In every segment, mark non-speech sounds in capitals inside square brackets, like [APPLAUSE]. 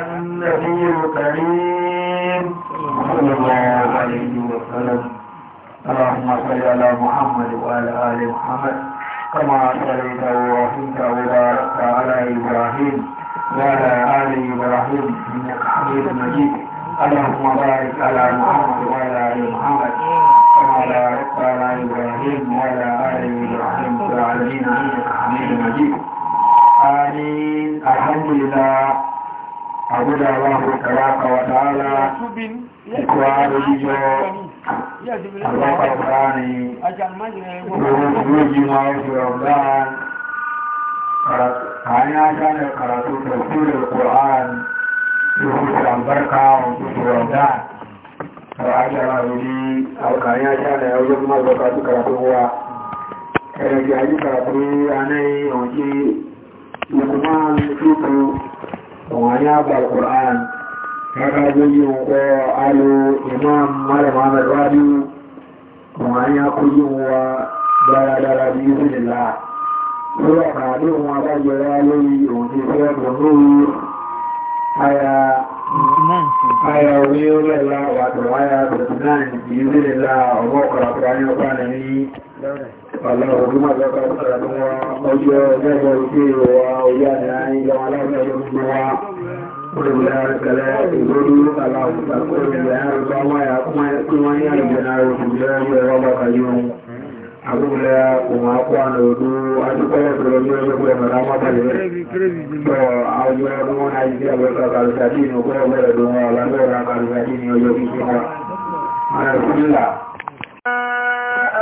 النبي الكريم صلى الله عليه وسلم اللهم صل على محمد وعلى آل محمد كما صليت ووحيت وباركت على إبراهيم وعلى آل إبراهيم إنك حميد مجيد اللهم بارك على محمد وعلى آل محمد كما باركت على إبراهيم وعلى آل إبراهيم في العالمين إنك حميد مجيد آمين الحمد لله àbúdá aláàbò kàlákà wà tààlà ikú ààrẹ jíjọ alápàpàá ni olóòjì máa fi ọ̀dá àárín ajá ní kàràtò tẹ̀sílẹ̀ kòrán ló fi sàmbárká òṣìṣẹ́ ọ̀dá àárín ajá ní àwọ̀kàárín ajá ní ọjọ́ máa lọ́kà tó kàràtò wà ẹ̀rẹ̀gì ayé kàràtò anáyé ọ̀jí ìkùnmọ́ àwọn anyá àgbàlù Kùránì kára lórí ọkọ̀ alo Imam Malam Muhammad Rabi àwọn anyá kó yí wa dáradára bí ìsìnlá lórí àkàdé wọn abájọra lórí òun ti fẹ́ bọ̀ lórí aya aya orí orílẹ̀-èdè wàtò wáyà 39 bí ìsìnlá اللهم لك وجودك وفيه وأولاد ولك يسمع وإولادك لا يزول اللهم تقول بالأرض ويقوم يقوم يرجع وسجاد ربك اليوم أقول لكم أقوان ودو أتقل برجوع يقوم رمضة فأجرون أجزاء بالقلساتين وقوم بردوها لنورا قلساتين ويوم الشهر على بسم الله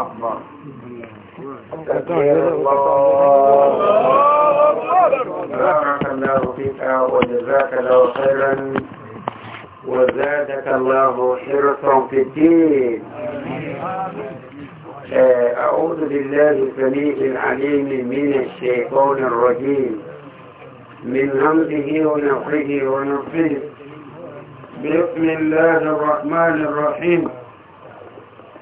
أكبر بارك الله فيك وجزاك الله خيرا وزادك الله حرصا في الدين آه، أعوذ بالله السميع العليم من الشيطان الرجيم من همزه ونفخه ونفخه بسم الله الرحمن الرحيم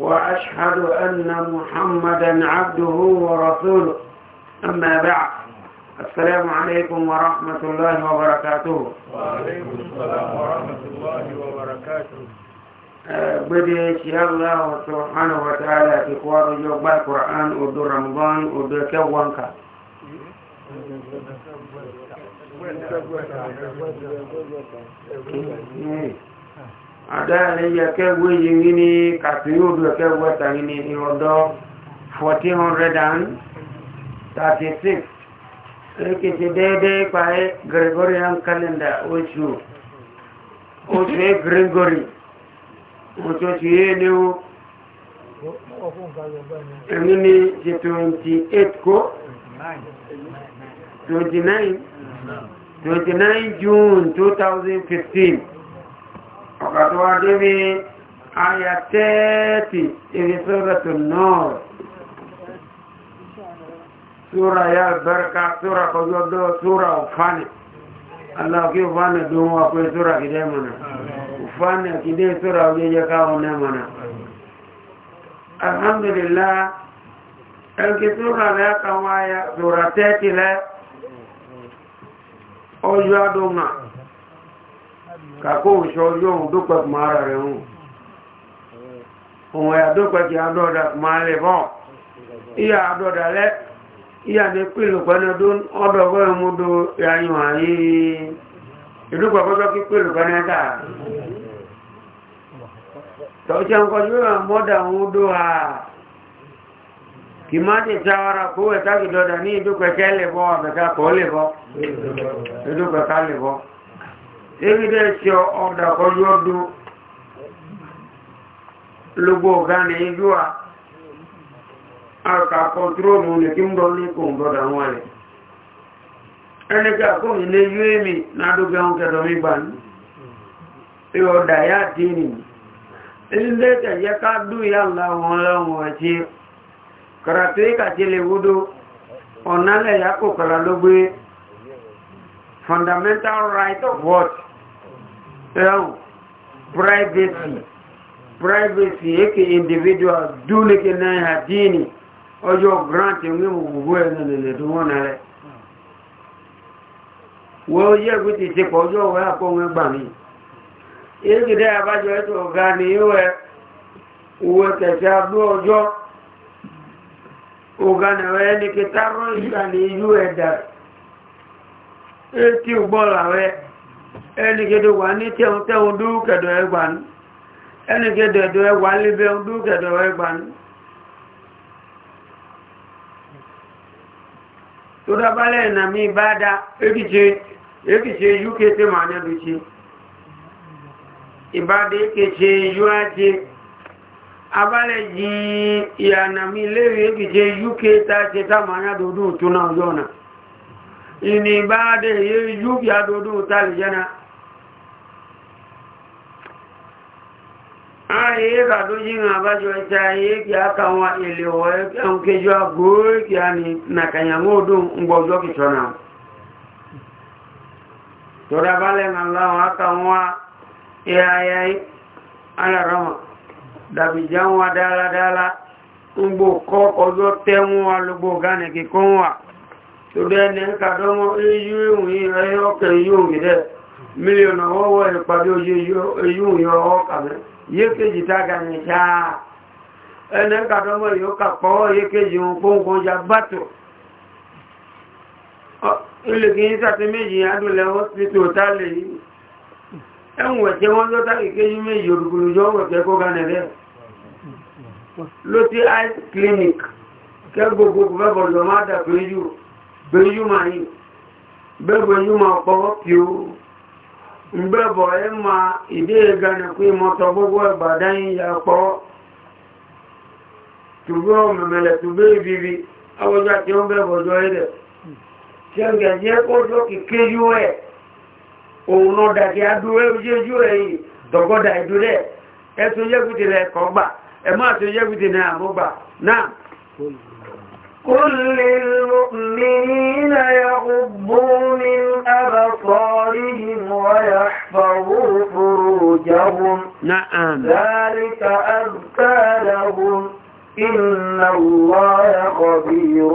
وأشهد أن محمدا عبده ورسوله أما بعد السلام عليكم ورحمة الله وبركاته وعليكم السلام ورحمة الله وبركاته آه، بديش يا الله سبحانه وتعالى في قوار جوبا القرآن ودو رمضان ودو كوانكا إيه. Thank you. adáyẹ̀lẹ́ yẹ kẹwé yìí ní kàtí yóò dúró kẹwé tàbí ní ọdọ́ 1436 rikici déédéé pàáyé gregorian calendar oṣù oṣù é gregory oṣù oṣù yé ní o èmi ní ṣe 28 kó 29 29 june 2015 ọ̀gá tó wá débi ayà tẹ́ẹ̀tì èrè sọ́rọ̀tù náà súra ya albarka súra kọjọ́dọ́ súra ọ̀fánì aláwọ̀kí ọ̀fánì dùn wà pé súra kìdẹ́ mọ̀nà ọ̀fánì kìdẹ́ súra ọjẹ́jẹ́ káwọn alhamdulillah ẹnkì súra rẹ̀ kan wáyà súra tẹ́ẹ̀tì rẹ̀ ọjọ́ adùnmà kàkó òṣọ yóò dópẹ́ kùmà ara rẹ̀ hùn òun ẹ̀yà dópẹ́ kì adọ́dà kùmà lè bọ́ ìyà adọ́dà lẹ́ ìyà ní pìlù pẹ́nẹ́dún ọdọ̀ fẹ́ mú do yàyùn àyí ìdúpẹ́ pẹ́jọ́ kí pìlù pẹ́nẹ́dà tọ́jú ẹ̀kọ́ sí wọ́n mọ́dà òun dó ha kì má ti sáwara kó ẹ̀ta kìdọ̀dà ní ìdúpẹ́ kẹ́ lè bọ́ àbẹ̀ká kọ́ lè bọ́ ìdúpẹ́ ká lè bọ́ evidence ọ̀dà kọjú ọdún lógbò ọ̀gá ní ijú à àkà kọntróòlù ní kí ń bọ́ ní kò ń bọ́dà wọn rẹ̀ ẹnìkà kún ilé yú èmì nádógẹ́ oúnjẹ lọ́mí gbà ní ìwọ̀dà yá dì ní ilé tẹ̀yẹ ká dùn yà láwọn ọlọ́run ọ̀tí kàràtó ìkàtí lè wúdó ọ̀nálẹ̀ yà kò kàrà ló gbé fundamental right of what now privacy privacy eke individual dole na ha dini ojo grant ngi mu gugu na le to wona le wo ye ku ti se ko jo wa ko ngi gba mi e ki de abajo to ga ni we uwe ke sa du ojo oga na we ni ke taro ida ni ju eda e ti ugbo la we ẹnìgẹ́dẹ̀ wà ní tẹ́hùn tẹ́hùn dúkẹ̀dọ̀ ẹgbàánú ẹnìgẹ́dẹ̀ ẹ̀dọ̀ ẹwà líbẹ̀ dúkẹ̀dọ̀ ẹgbàánú tó dábálẹ̀ ìnàmí bá dá èkìṣe yú kéte mà nẹ́bí ṣe ìbádé èkìṣe yú abálẹ̀ yìí ìyànàmí lérí èkìṣe ṣe tá ma ìní bá dé yé yúbí àdódó tàbí jẹ́nà kàdó àbájọ kí a káwọn ilé ọ̀wọ́ ẹ̀kẹ́un kéjọ agbóòrè kí a ní nàkàyàmó òdún ngbọ̀jọ́ kìtọ́nà tọ́dá bá lẹ́nà láwọn akáwọn ẹ̀ayà alárọ̀mọ̀ dàbìjá wọn dáradára torí ẹni ń kàdọ́mọ́ eyú ìwìn ẹyọ ọkẹ̀ eyú òmìn rẹ̀ mílíọ̀nù ọwọ́wọ́ ìpàdé ojú eyú ìwìn ọwọ́ kàmẹ́ yékèjì tága ní ṣáà ẹni ń kàdọ́mọ́ yóò kàpọ̀ yékèjì ohunkóhun jà gbàtò ilẹ̀kì yí sàti méjì adúlẹ̀ hospital tálẹ̀ yìí ẹ̀wọ̀n ẹ̀kẹ́ wọ́n tó tàbí kéjú méjì òdùkùnrin jọ wọ̀kẹ́ kó ganẹ̀ rẹ̀ ló ti eye clinic kẹ́ gbogbo gbogbo bẹ́bọ̀ lọ má yìí bẹ́yúmà yi bẹ́bọ̀ yúmà ọ̀pọ̀wọ́ kí ó ń ma ìdí ìgànà pé mọ́tọ̀ gbogbo ẹgbàdá yìí ya pọ̀ tùgbọ́ mẹ̀mẹ̀lẹ̀ tùgbé ìbìbì awọjá tí ó bẹ́bọ̀ jọ ẹ̀dẹ̀ tí ó gẹ̀ẹ́jẹ́ kójọ kìké yú ẹ̀ òun náà dàkí adúrẹ́ ojú ẹ̀yìn dọ̀gọ́dà ìdúrẹ́ ẹ̀ tó yẹ́gùtì قل للمؤمنين يغضوا أبصارهم ويحفظوا فروجهم نعم ذلك أذكى لهم إن الله خبير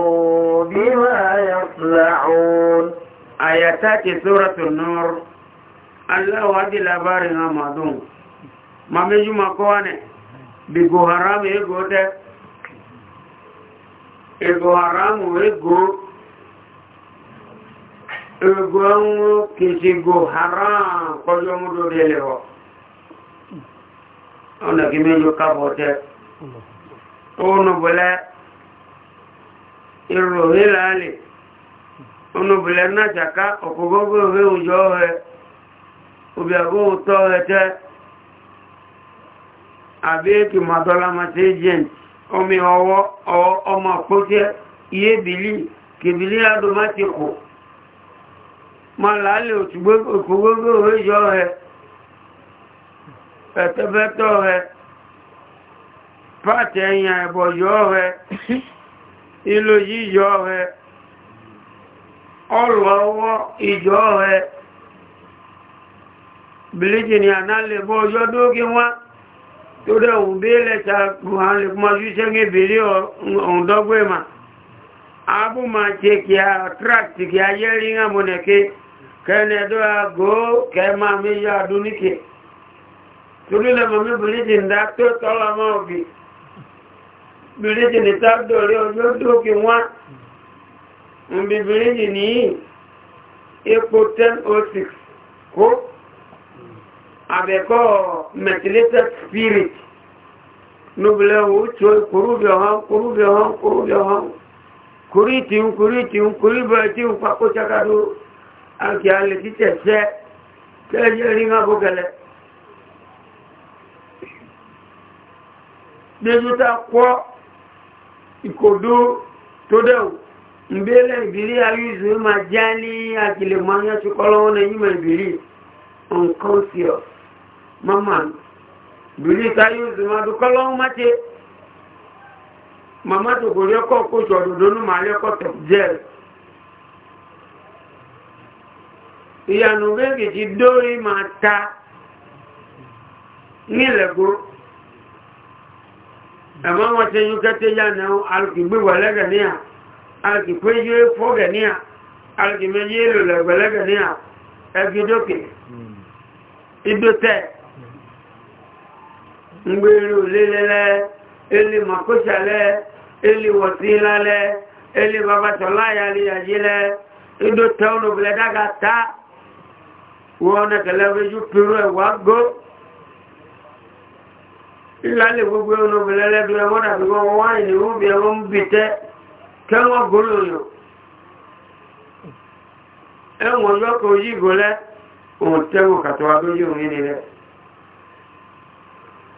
بما يصنعون آياتك سورة النور الله وادي لبارنا مدون ما ميجو مكوانه بيقو حرام يقول ego haramu ego ego ọnwụ kesigo haram kọjọ múrò lẹ́lẹ̀ họ ọ̀nà kí méjì kábọ̀ tẹ́ ọ̀nàbọ̀lẹ́ ìròhé láàlẹ̀ ọ̀nàbọ̀lẹ́ nájàká ọ̀kọ̀gọ́gọ́ òhé òjò ọ̀hẹ́ obìàgó òtọ́ ọ̀hẹ́ tẹ́ omi ọwọ́ ọmọ pọ́jẹ́ iye bìlì kìbìlì adomátikò ma láàlẹ̀ òkúgbógbò oríṣọ́ rẹ̀ pẹ̀tẹ́pẹ́tọ́ rẹ̀ pàtẹ ẹ̀yàn ẹ̀bọ̀yọ́ rẹ̀ ìlò [COUGHS] yíyọ rẹ̀ ọlọ̀ ọwọ́ ìjọ rẹ̀ bìlì jìnì lè ọjọ́ dókí tó dẹ̀ bí lẹ́ta buhari mọ́jú bèèrè ma abu ma ṣe kí a tract kí a yẹ́ rí hàn mọ́nẹ̀kẹ́ kẹ́nẹ̀dọ́ àgó kẹ́mà méjì àdúníkẹ́ torí lẹ́mọ̀ mi bìrìjì ń tó tọ́lá mọ́ òbí bìrìjì ní tábìlì ọjọ́ dókè wá ń bí ní 1006 kó àbẹ̀kọ́ methylated spirit níbílẹ̀ owó tí ó kúrúbẹ̀ ọ̀hán kúrúbẹ̀ ọ̀hán kúrúbẹ̀ ọ̀hán kúrí tí ń kúrí tí ń kúrí bẹ̀rẹ̀ tí ń pàkó ṣakadó àkì alẹ́ títẹ̀ sẹ́ tẹ́lẹ̀ rí ńgá bókẹlẹ̀ dẹ́jútà kọ́ ìkòdó tó dẹ̀wò ìbílẹ̀ ìbílẹ̀ ayúzù máa já ní àkìlẹ̀ mọ́ mama bìrì ká yóò sì máa dúkọ́ lọ́wọ́ má ṣe mama tó kò rí ọkọ̀ kó ṣe ọ̀dọ̀dọ̀ ní màá rí tẹ̀ jẹ́ ìyànú méjì ti dórí máa ta nílẹ̀gbó ẹ̀mọ́ wọn ṣe yún kẹ́tẹ́ yá náà alùpùpù wẹ̀lẹ́gẹ̀ alùpùpù alùpùpù mgbe ruru lile lɛ eli makosi eli wɔti la lɛ eli babachola yadzi lɛ i do ta onubiri daga ta wu ɔnɛ kelee ɔbɛ dzukpuru ɛ e wu agoo i hali nkpokpu e onubiri lɛ ɛgwula ɔda bi nkpokpu ɔwanyi ni ɔmubi tɛ kemɔ goro nyo emu onye ɔkpɔ yi ego lɛ wu ntɛ ngu katuwa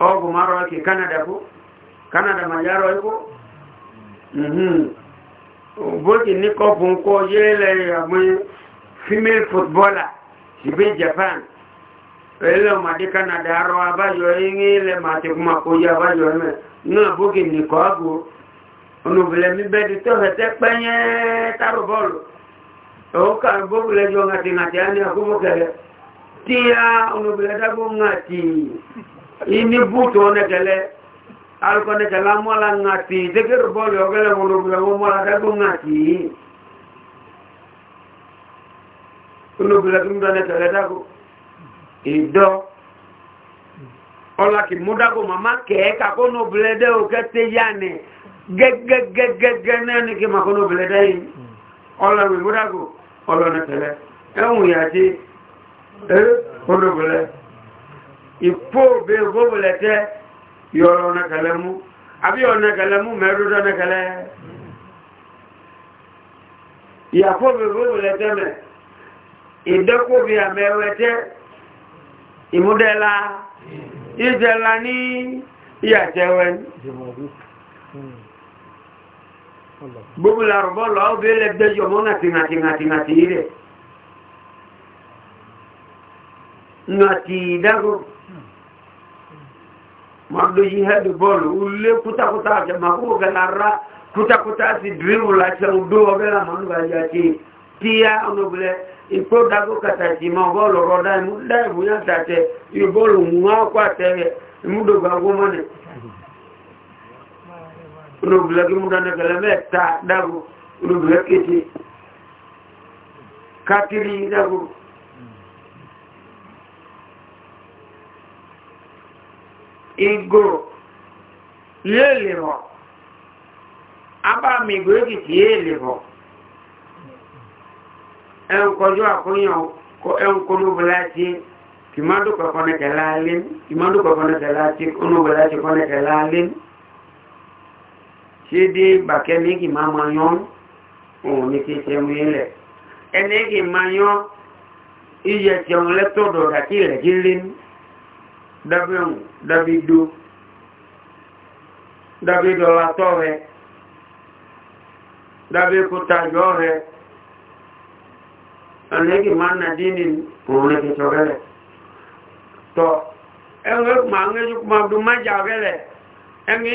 ogu maro ki canada ku canada majaro ku mhm boki ni ko fun ko yele amu female footballer sibe japan ele ma de canada ro abajo ingi le ma te kuma ko ya abajo me na boki ni ko agu onu bele mi be di to he te penye taro bol o ka boku le ngati ngati ani aku bokele tia onu bele da ngati ini butuh negara kalau kau negara mula ngati dekat boleh oke lah mula bilang mula ada pun ngati mula bilang mula negara dah aku ido Ola ki muda ko mama ke ka ko no blede o ke te yane. Ge ge ge ge ge nani ki ma ko no blede yin. Ola mi muda ko. Ola ne tele. E eh, un yati. E? Ko no blede. ìfóòbé gbóbulẹ̀tẹ́ yọrọ ọ̀nàkẹlẹ mú àbí ọ̀nàkẹlẹ mú mẹ́rúdọ́ ọ̀nàkẹlẹ ìyàfóòbé gbóbulẹ̀tẹ́ mẹ́ ìdẹ́kóbi àmẹ́wẹ́tẹ́ ìmúdẹ́lá ìjẹlá ní ìyàtẹ́wẹ́ gbogbo làrùbọ́lọ́ ọ̀bẹ́ lẹ́gbẹ́jọ́ mọ́ nàtìnàtìnàtìnàtì rẹ̀ nàtìdágò madoji head ball ule kutakuta ake makuga na ra kutakuta si dribble ake udo ogela manuga ya ti tia onobule ipo dago kata ti ma ball roda mu dai mu ya tate i ball nwa kwa te mu do gago mane onobule ki mu dana gele meta dago onobule kiti katiri dago igò léèlè hàn abáàmì ìgbò èkìtì èèlè hàn ẹ̀hùn kọjú àkóyàn ẹ̀hùn kọlùbọ̀lá tí kìmọ́dù kọ̀kọ́nẹ̀kẹ̀lá alẹ́ kìmọ́dù kọ̀kọ́nẹ̀kẹ̀lá tí kọlùbọ̀lá tí kọ́nẹ̀kẹ̀lá alẹ́ ṣe dé bàkẹ́ ní kì máa ma yán òun ní kí ṣe mú ilẹ̀ ẹni kì máa yán iyẹ̀ tí ọ̀hún lẹ́tọ̀ọ̀dọ̀ rà ilẹ̀ kí lé ní dábíọ̀n dábídó dábídọ́latọ́ rẹ dábíkútajọ́ rẹ ẹ̀lẹ́gì máa nà dínì òun rẹ̀ kìtọ̀ rẹ̀ tọ́ ẹ̀rẹ́ ma ń rẹ́jú ma dùn má jà rẹ̀ ẹ̀rẹ́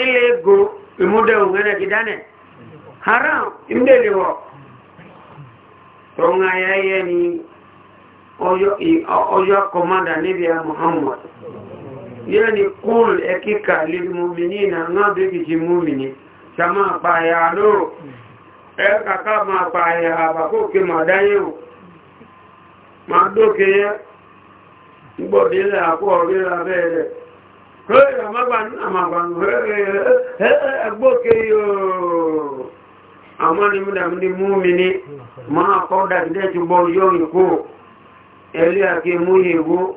ilé ego ìmúdẹ̀ òun rẹ̀ kìdánẹ̀ haram ìmúdẹ̀lẹ̀ wọ̀ tọ́ ń ayẹyẹ ni ọjọ́ kọmọ́dà níbi Muhammad yani kul ekika lilmuminina ngabiki mumini sama paya do eka kama paya abakoke madayo madoke gbodile ako bila bele koi amagban amagban egboke yo amani muda mdi mumini ma ko da de jubo yo ko eli ake muhibu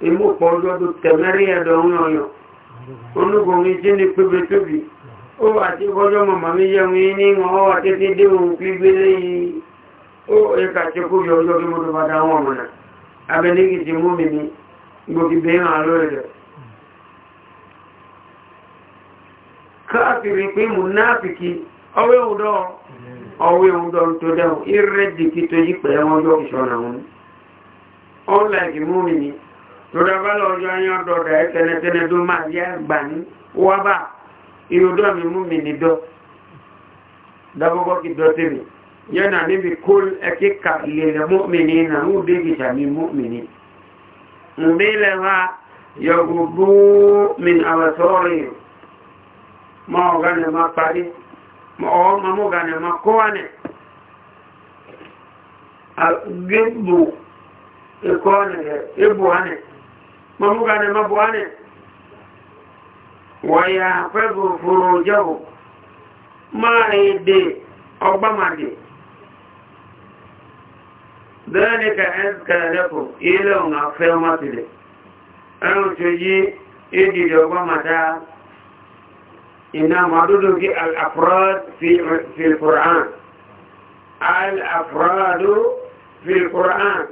imú pọ̀ ọdọ́dún tẹ̀mẹ́rí ẹ̀dọ̀ ń yọ̀yọ̀ onúgbòmí tí ní pépé tóbi ó wà tí kọjọ́ mọ̀mọ̀ mi yẹun ní ka wà tí tí dé ohun gbígbé lẹ́yìn ó ẹka tí kó yọ ọjọ́ kí mo tó padà wọn lọ́dọ̀bá lọ́jọ́ ayán dọ̀dọ̀ ẹ́tẹ́nẹ́tẹ́nẹ́ tó máa yá gbà ní wábà ìrúdọ̀ mi mú mi nìdọ́ dábọ́gọ́ kì dọ́tẹ́ mi yẹ́nà níbi kó ẹkíkà ìlẹ̀lẹ̀ mọ́mìnì náà ń dé gìtà mi mọ́mìnì mbílẹ̀ wa yọ̀gbogbo min àwọ̀sọ́rì ma ọ̀gánẹ̀ ma parí ma ọ̀gánẹ̀ ma kọ́wánẹ̀ gbogbo ẹkọ́ ẹ̀bùwánẹ̀ mamugane mabwane wayahfazu furujahu ma ede ogbamade dhalika azka lakum ile unga fema tile anu tuji idi dogwamata ina madudu ki al afrad fi fi al quran al afradu fi al quran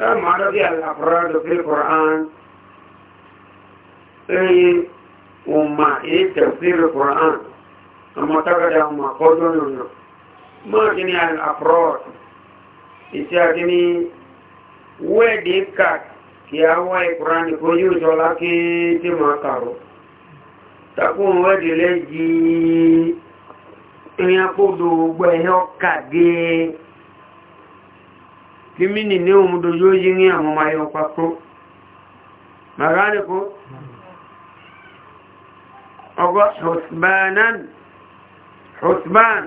ما رضي الأفراد في القرآن أي أمة إيه تفسير القرآن أما تقعد أمة قدر ما جميع الأفراد إساكني وديكات kí a wá ìkùránì kó yóò jọlá kí tí máa kàrò takún wẹ́dìlẹ́ yìí ìrìn àpòdò gbẹ̀yọ́ kàgé kimini ne umudo yoji ngi amuma yo kwako magane ko ogo husbanan husban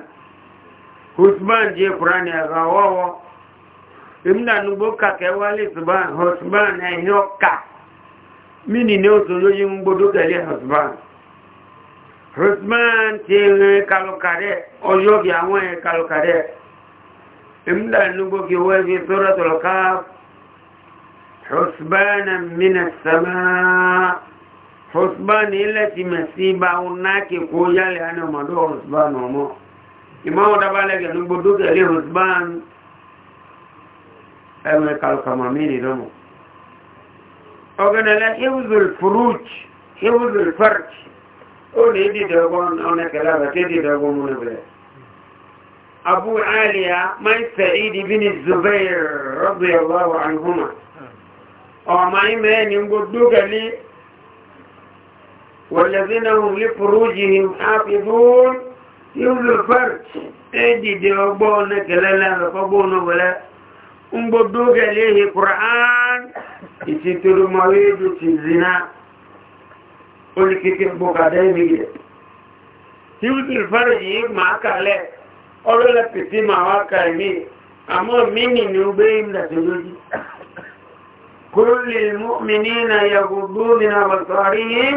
husban je qur'ani agawawo imna nuboka ke wale husban husban ay eh, yoka mini ne oto yoji mbodo gele husban husban je kalokare oyo bi awon kalokare املأ نبوك وفي سورة القاف حسبانا من السماء حسبان التي مسيبا هناك كويا لأنه مدو حسبان ومو إما هو دبالك نبودوك لي حسبان أما كالكمامين دمو أغنى لا حفظ الفروج حفظ الفرج أولي دي دغون أولي كلابة دي دغون من بلاك أبو عالية من سعيد بن الزبير رضي الله عنهما وما إمان ينقضوك لي والذين هم لفروجهم حافظون يوم الفرج أدي جوابونك للا فبون ولا انقضوك ليه قرآن يسيطر مويد في الزنا قل كتب بقدامي يوم الفرج يجمع كالك ọ̀rọ̀ lẹ pèsè máa wá ka ẹ̀mí àmọ́ mínì ni ó gbé ìdàtẹ̀lójú kúrò lè mú mi ní ìnà yàgùgbó ní àbàtàrí yìí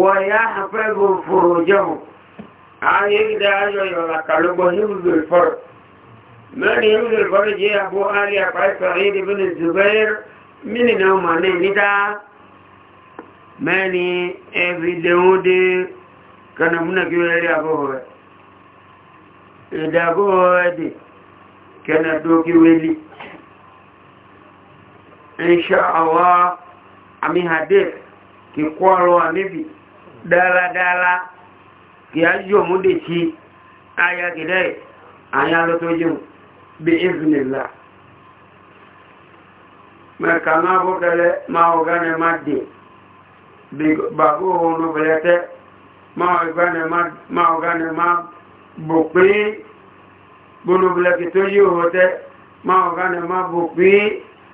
wọ̀ ya àfẹ́gò fòrò jẹun ààyè ìdá ayọ̀ yọ̀lá kàlógbọ̀ yíbùdó ìfọ́rọ̀ ìdàgó ẹ̀dì kẹ́nàdógíwélì inṣà àwọ́ àmì kì kọ́ ọ̀rọ̀ àmìbì dáradára kì á yọ múdè sí ayagidẹ́ àyà lọ́tọ́jú bí ìzìnlá mẹ́ka máa bọ́kẹ́lẹ́ máa ọ̀gánẹ̀ máa dì bàbá òun ló tẹ́ máa ọ̀gánẹ̀ bò pé gbónúbìlẹ́kì tó yí òwò tẹ́ máa ọ̀gá ni máa bò pé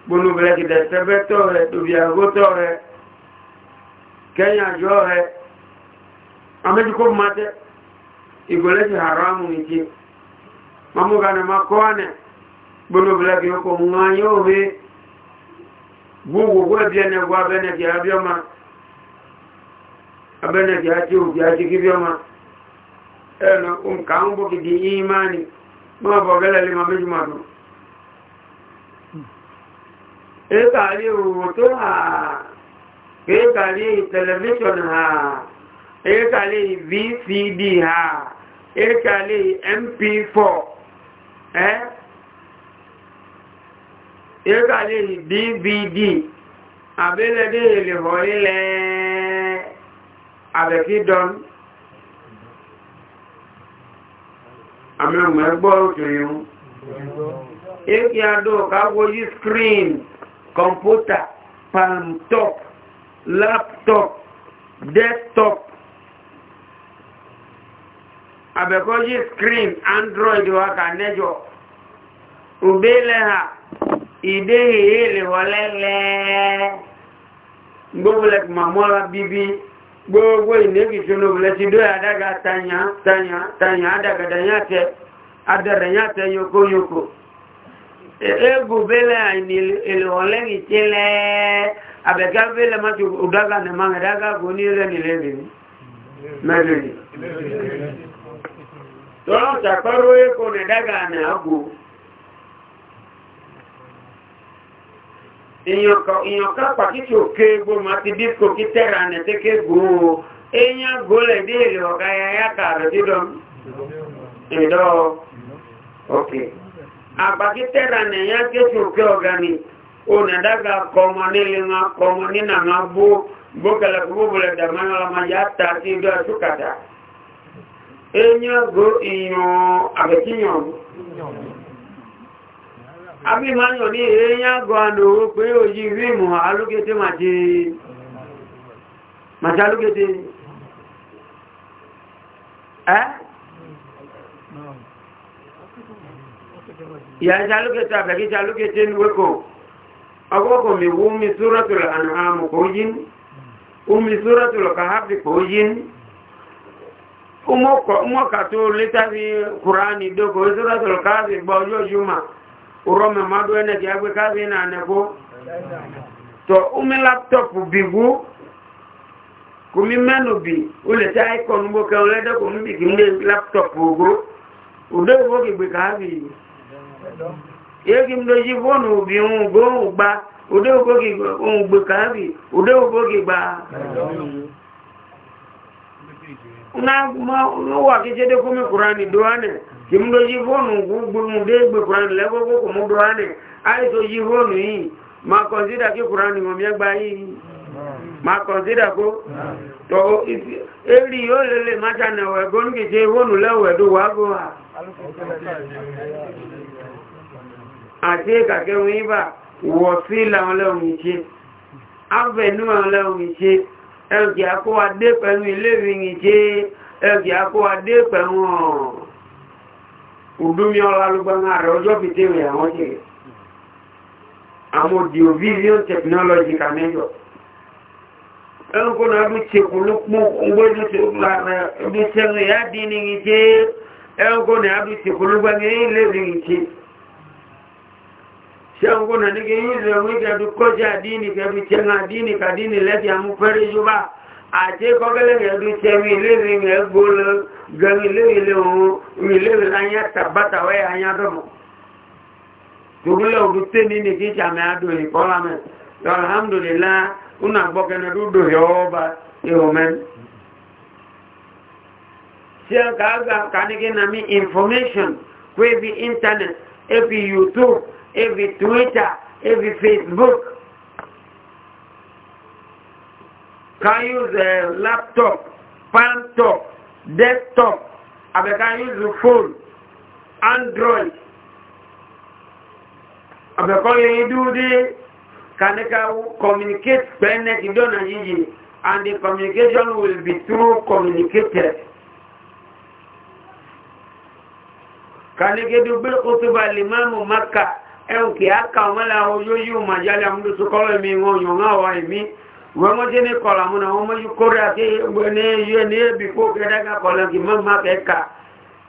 gbónúbìlẹ́kì dẹ̀sẹ̀bẹ́tọ̀ rẹ̀ tòbí àgótọ̀ rẹ̀ kẹ́yìn àjọ rẹ̀ amẹ́jùkó máa tẹ́ ìgbòlẹ́sì haramu ìjì mamúga ni máa kọ́ ánẹ̀ gbónúbìlẹ́kì ọkọ̀ ńlá yóò rí gbogbo ẹbí ẹni ẹgbọ́ abẹ́nẹ̀kì abíọ́mà abẹ́nẹ̀kì àti òkè àti kíbíọ́mà ẹ̀nà òǹkà ń bó gidi ìmáni mọ́ bọ̀ gẹ́lẹ̀ lè máa méjì máa dùn ẹ́kàrí òwò tó hà ẹ́kàrí tẹlẹfíṣọ̀n hà ẹ́kàrí vcd hà ẹ́kàrí mp4 ẹ́ ẹ́kàrí dvd àbẹ́lẹ́dẹ́ ìlẹ̀họ̀ ilẹ̀ àbẹ̀kí dọ́nù àmì ọmọ ẹgbọ́ òjò irun èkì àdó káwòyí screen kọmpútà palmtop laptop desktop àbẹ̀kọ́yí screen android wa kà nẹ́jọ òbílẹ̀ ha ìdé ìhèlè wọlẹ́lẹ́ gbogbo lẹ́kùnmọ̀ mọ́ra bíbí gbogbo ìnẹ́gì ṣolóbulẹ̀ ti dóyà adága tanya tanya tanya adagadanyàtẹ adaranyàtẹ yoko yoko egbo bẹ́lẹ̀ ìlọ̀lẹ́gì tẹ́lẹ̀ abẹ́ká bẹ́lẹ̀ mọ́tò ọ̀dága nẹ̀mọ́ ẹ̀dága kò ní ilẹ̀ nílẹ̀ rẹ̀ mẹ́rin tọ́lọ́ta pẹ́rọ èkó nẹ̀dága nẹ̀ àgbò èèyàn kan èèyàn kan pàkìtì òkè gbó ma ti bí kò kí tẹ̀rẹ̀ àná tẹ́ ké gbòó èèyàn gbólẹ̀ dé èrè ọ̀gá yáyá kààrọ̀ dídọ̀ ìdọ́ ok àpàkì tẹ̀rẹ̀ àná yá ké tí òkè ọ̀gá ni onàdága kọmọ nílé ma kọmọ nínà ma bó bó kẹlẹ̀ kó bóbó lẹ̀ dàmá yọ̀ ma yá ta sí ìdọ́ àtúkàtà èèyàn gbó èèyàn àbẹ̀tíyàn abímáyọ̀ ní èèyàn gọ́ọ̀nà owó pé ó yí rímù alúgété màtí alúgété ẹ́ eh? ìyà ìṣẹ́ alúgété àbẹ̀kíṣẹ́ alúgété ní wékòó agogo mi wumi suratul an'am ko yin umi suratul kahf ko yin umo ko umo ka to litafi qur'ani do ko suratul kahf bo yo juma urome madu ene gyagwe kazi na nebo to umi laptop bigu kumi menu bi ule ta icon mbo ka ule de kumi bi kimde laptop ugu ude ugo kibwe kazi ye kimdo jivonu bi ungo ugba ude ugo kibwe ungbe kazi ude ugo kibwa una mo wa kijede kumi kurani duane kìmúdó yí fóònù gbogbo dé gbé kùránì lẹ́gbogbo kò mú kùránì àìsò yí fóònù yìí ma kọ̀nsídà kí kùránì wọ́n mẹ́gbà yìí ma kọ̀nsídà kó tọ́ èrì yóò lélẹ̀ máta nẹ̀wẹ̀ gónìkìtì fóònù lẹ́wẹ̀ tó wà gó wa àti kàkẹ́ wọn yí bá wọ̀ sí làwọn lẹ́wọ̀n yìí ṣe avẹ̀nú àwọn lẹ́wọ̀n yìí ṣe ẹ̀kì akó adé pẹ̀lú ilé ìrìn yìí ṣe ẹ̀kì akó adé pẹ̀lú ọ̀rọ̀ òdúnmí ọlá lúgbọ́nà rẹ̀ ọjọ́ fìtẹ́ rẹ̀ àwọn jẹ́ àwọn diovision technology kàmẹ́jọ ẹnukọ́ náà bí tẹkùn ló pún ọgbẹ́jú tí ó bí tẹ́rù yá dín ní ìjẹ́ ẹnukọ́ náà bí tẹkùn ló gbá ní ilé rí ìjẹ́ ṣẹ́nkọ́ náà ní kí yíò rẹ̀ wíjẹ́ àti kọ́gẹ́lẹ́ yẹn bí tẹ́mi iléèwé yẹn gbóòlò gẹ̀mí iléèwé ilé òun iléèwé láyé tàbátàwẹ́ àyádọ́mọ̀ tòkúlẹ̀ òdú tẹ́ ní ní kíkà mẹ́ mẹ́ alhamdulillah una gbọ́kẹ́nẹ́ dúdò yọ ọba ihò mẹ́rin tí a kàága na mi information kó ebi internet ebi youtube ebi twitter ebi facebook can use a laptop, pan top, desktop, and can use a phone, Android. And because you do this, can they communicate when you don't know and the communication will be through communicator. Can they get the bill by Limamu Makkah? ẹ̀rùn kìí àkà ọmọlá ojú yíò màjálẹ̀ àmúdùsùkọ́lọ̀ mi wọn yóò náà wá ìmí wọ́n jẹ́ ní kọ̀lá múnà wọ́n mọ́ yíkó rẹ̀ àti ní yíò ní ẹbí kó kẹ́rẹ́ ká kọ̀lá kì mọ́ máa kẹ́ ká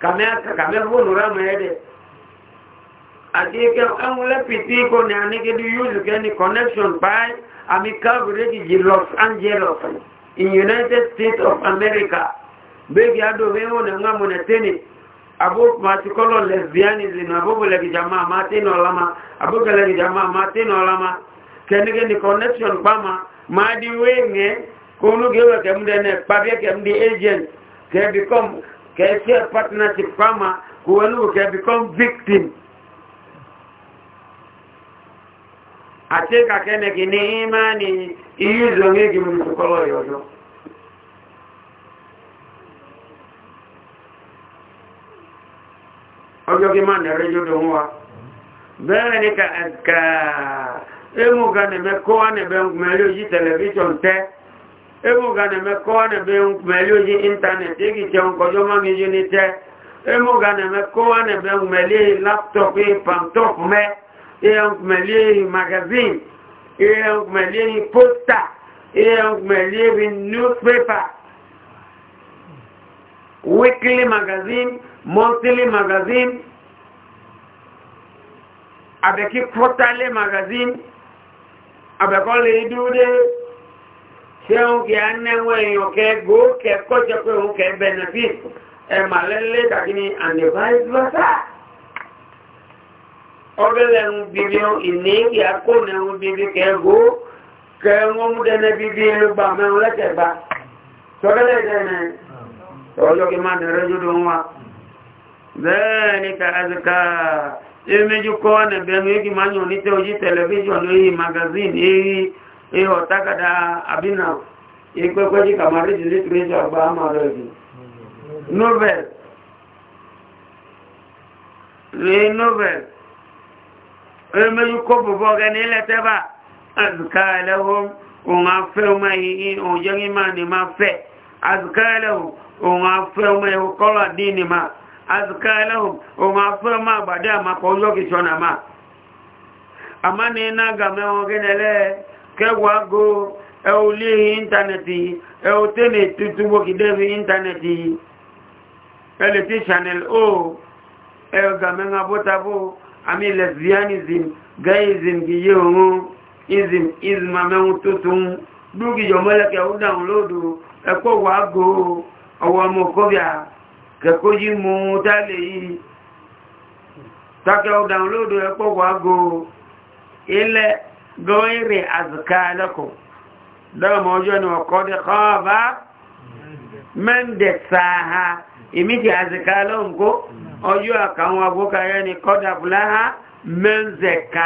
kàmẹ́ fóònù rẹ̀ mọ́ ẹ̀dẹ̀ àti ẹkẹ́ ẹ̀hún lẹ́pìtì kò ní anígídí yóò kẹ́ ní connection by àmì calvary los angeles in united states of america bẹ́ẹ̀kì adòfin wọn ní wọn múnà tẹ́nì ma di wenge kunu gewe kemde ne pabye kemde agent ke become ke share partnership kama kuwenu ke become victim acheka kene kini imani iyuzo ngeki mukolo yoyo Ojo kí máa nẹ̀rẹ́ yóò dùn wá bẹ́ẹ̀ ka emuga neme kowa nebe nkumeli oji television te emuga neme kowa nebe nkumeli oji internet egi te nkojo mangiji ni te emuga neme kowa nebe nkumeli laptop e pantop me e nkumeli magazine e nkumeli poster e nkumeli newspaper weekly magazine monthly magazine abeki quarterly magazine àbẹ̀kọ́ lè dúró dé ṣé òun kì á nẹ́wọ́ èèyàn kẹ gó kẹ kọ́jọ pé òun kẹ benefit ẹ̀mà lẹ́lẹ́ tàbí ní àndẹ̀fáìsì lọ́sà ọdẹ́lẹ́nu bíbí ìní kì á kó nẹ́wọ́ bíbí kẹ gó kẹ wọ́n mú dẹ́nẹ́ bíbí ló bá mẹ́rin lẹ́tẹ̀ẹ́bá sọ́dẹ́lẹ́ dẹ́nẹ́ ọjọ́ kí emeju na ebe egi ma yùn ní tẹ́ ojí tẹlẹfíṣọ̀n lórí magazine èyí ihò takada àbínà ìpẹ́pẹ́ jí kàmàrídì lítírẹ́sì àgbà àmàrọ̀ ẹ̀bì novel rí novel emeju kọ́ bùbọ́ ọ̀gẹ́ ní ilẹ̀ tẹ́bà azùká ẹlẹ́hùn òun afẹ́ ọmọ yìí ime ma ní ma fe azùká ẹlẹ́hùn òun ụmụ azụka elehụ ma afọ ma agbado ma ọjọ gị chọ na ma ama na ị na-aga menwụ gị nele kegwa go eulihi intaneti eute na etutugbo gidevi intaneti eleti chanel o ega menwa bụtabụ ami lesbianism gayism gi ye onwe izm izm amenwụ tutum dugi jọmọleke ụdanloodu ekwe wa go ọwọmokobia kẹ̀kọ́ yí mú dálé yìí tọ́kẹ́ ó dáúnlódò ẹ̀pọ̀ wágó ilẹ̀ gọ́ẹ̀rẹ̀ àzùká lọ́kọ̀ lọ́mọ ọjọ́ ni ọkọ̀ dẹ̀ kọ́ bá mẹ́ndẹ̀ sáà ìmìtì àzùká lọ́nkó ọjọ́ àkàwọn agbókayẹ́ ni kọ́dà fúláhá mẹ́ǹzẹ̀ká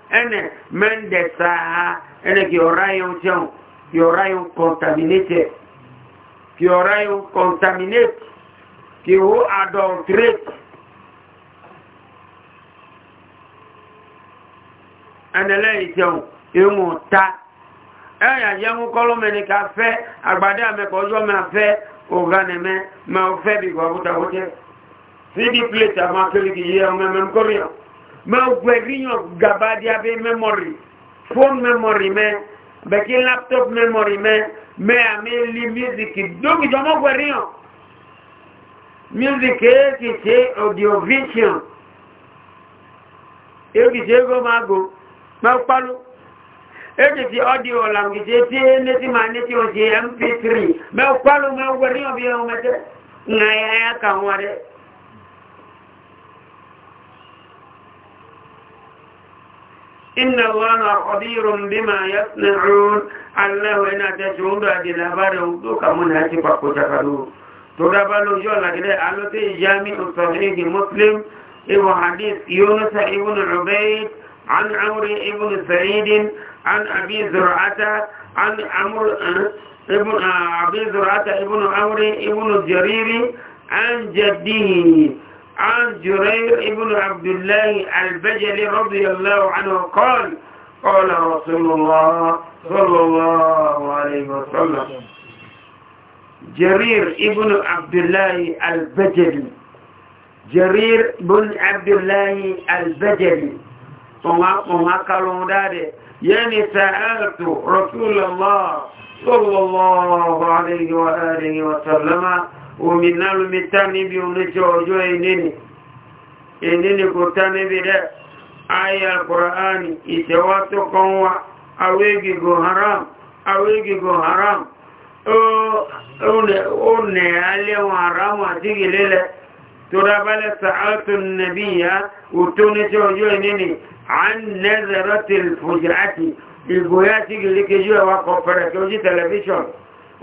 ene mende saha ene ki orayo jẹun ki orayo contaminate ki orayo contaminate ki o adulterate ene lẹ́yìn jẹun ìmú ta ẹ̀yà jẹun kọlọ́mẹni ká fẹ́ àgbàdá mẹ́kọ̀ ọjọ́ máa fẹ́ ọ̀gánẹ̀mẹ́ máa fẹ́ bí gbàgbútàgbútẹ́ sídí plẹ̀tà máa kéré kìí ọmọ ẹ̀mẹ́ kọ́rìyàn mɛ gbɛriyan gabadia bɛ mɛmɔri fone mɛmɔri mɛ bɛki laptop mɛmɔri mɛ mɛ ame li musiki donc jɔnmɔ gbɛriyan music ee kì í ṣe audiovision ee kì í ṣe ego máa go máa kpalu ee kì audio làm kì í ṣe tí létí máa o ṣe mp3 máa kpalu máa gbɛriyan bí ẹ wọn mẹtẹ ŋa ẹ ẹ kà wọn inna allaha qadirun bima yasna'un allahu ina tajundu adila bare duka mun haji pakko takalu to da balo yo lagide alote jami sahih muslim ibn hadith yunus ibn ubayd an amr ibn sa'id an abi zur'ata an amr eh, ibn abi zur'ata ibn amr ibn jariri an jaddihi عن جرير ابن عبد الله البجلي رضي الله عنه قال قال رسول الله صلى الله عليه وسلم جرير ابن عبد الله البجلي جرير بن عبد الله البجلي وما قالوا ذلك يعني سألت رسول الله صلى الله عليه وآله وسلم omi nálu mi tá níbi oníṣẹ́ ọjọ́ ìníni ìníni kò tá níbi rẹ̀ ayé alkùnrin ìṣẹ́wá tó kan wá awégigo haram awégigo haram ó nẹ̀ alẹ́wọ̀n haram àti ìlélẹ̀ tó rábálẹ̀ sàátù nàbí ya òtó oníṣẹ́ ọjọ́ ìníni à ń àti ìgbòyà sí gẹ̀lẹ́kẹjú ẹwà kọfẹ̀rẹ̀ tó jí tẹlifíṣọ̀n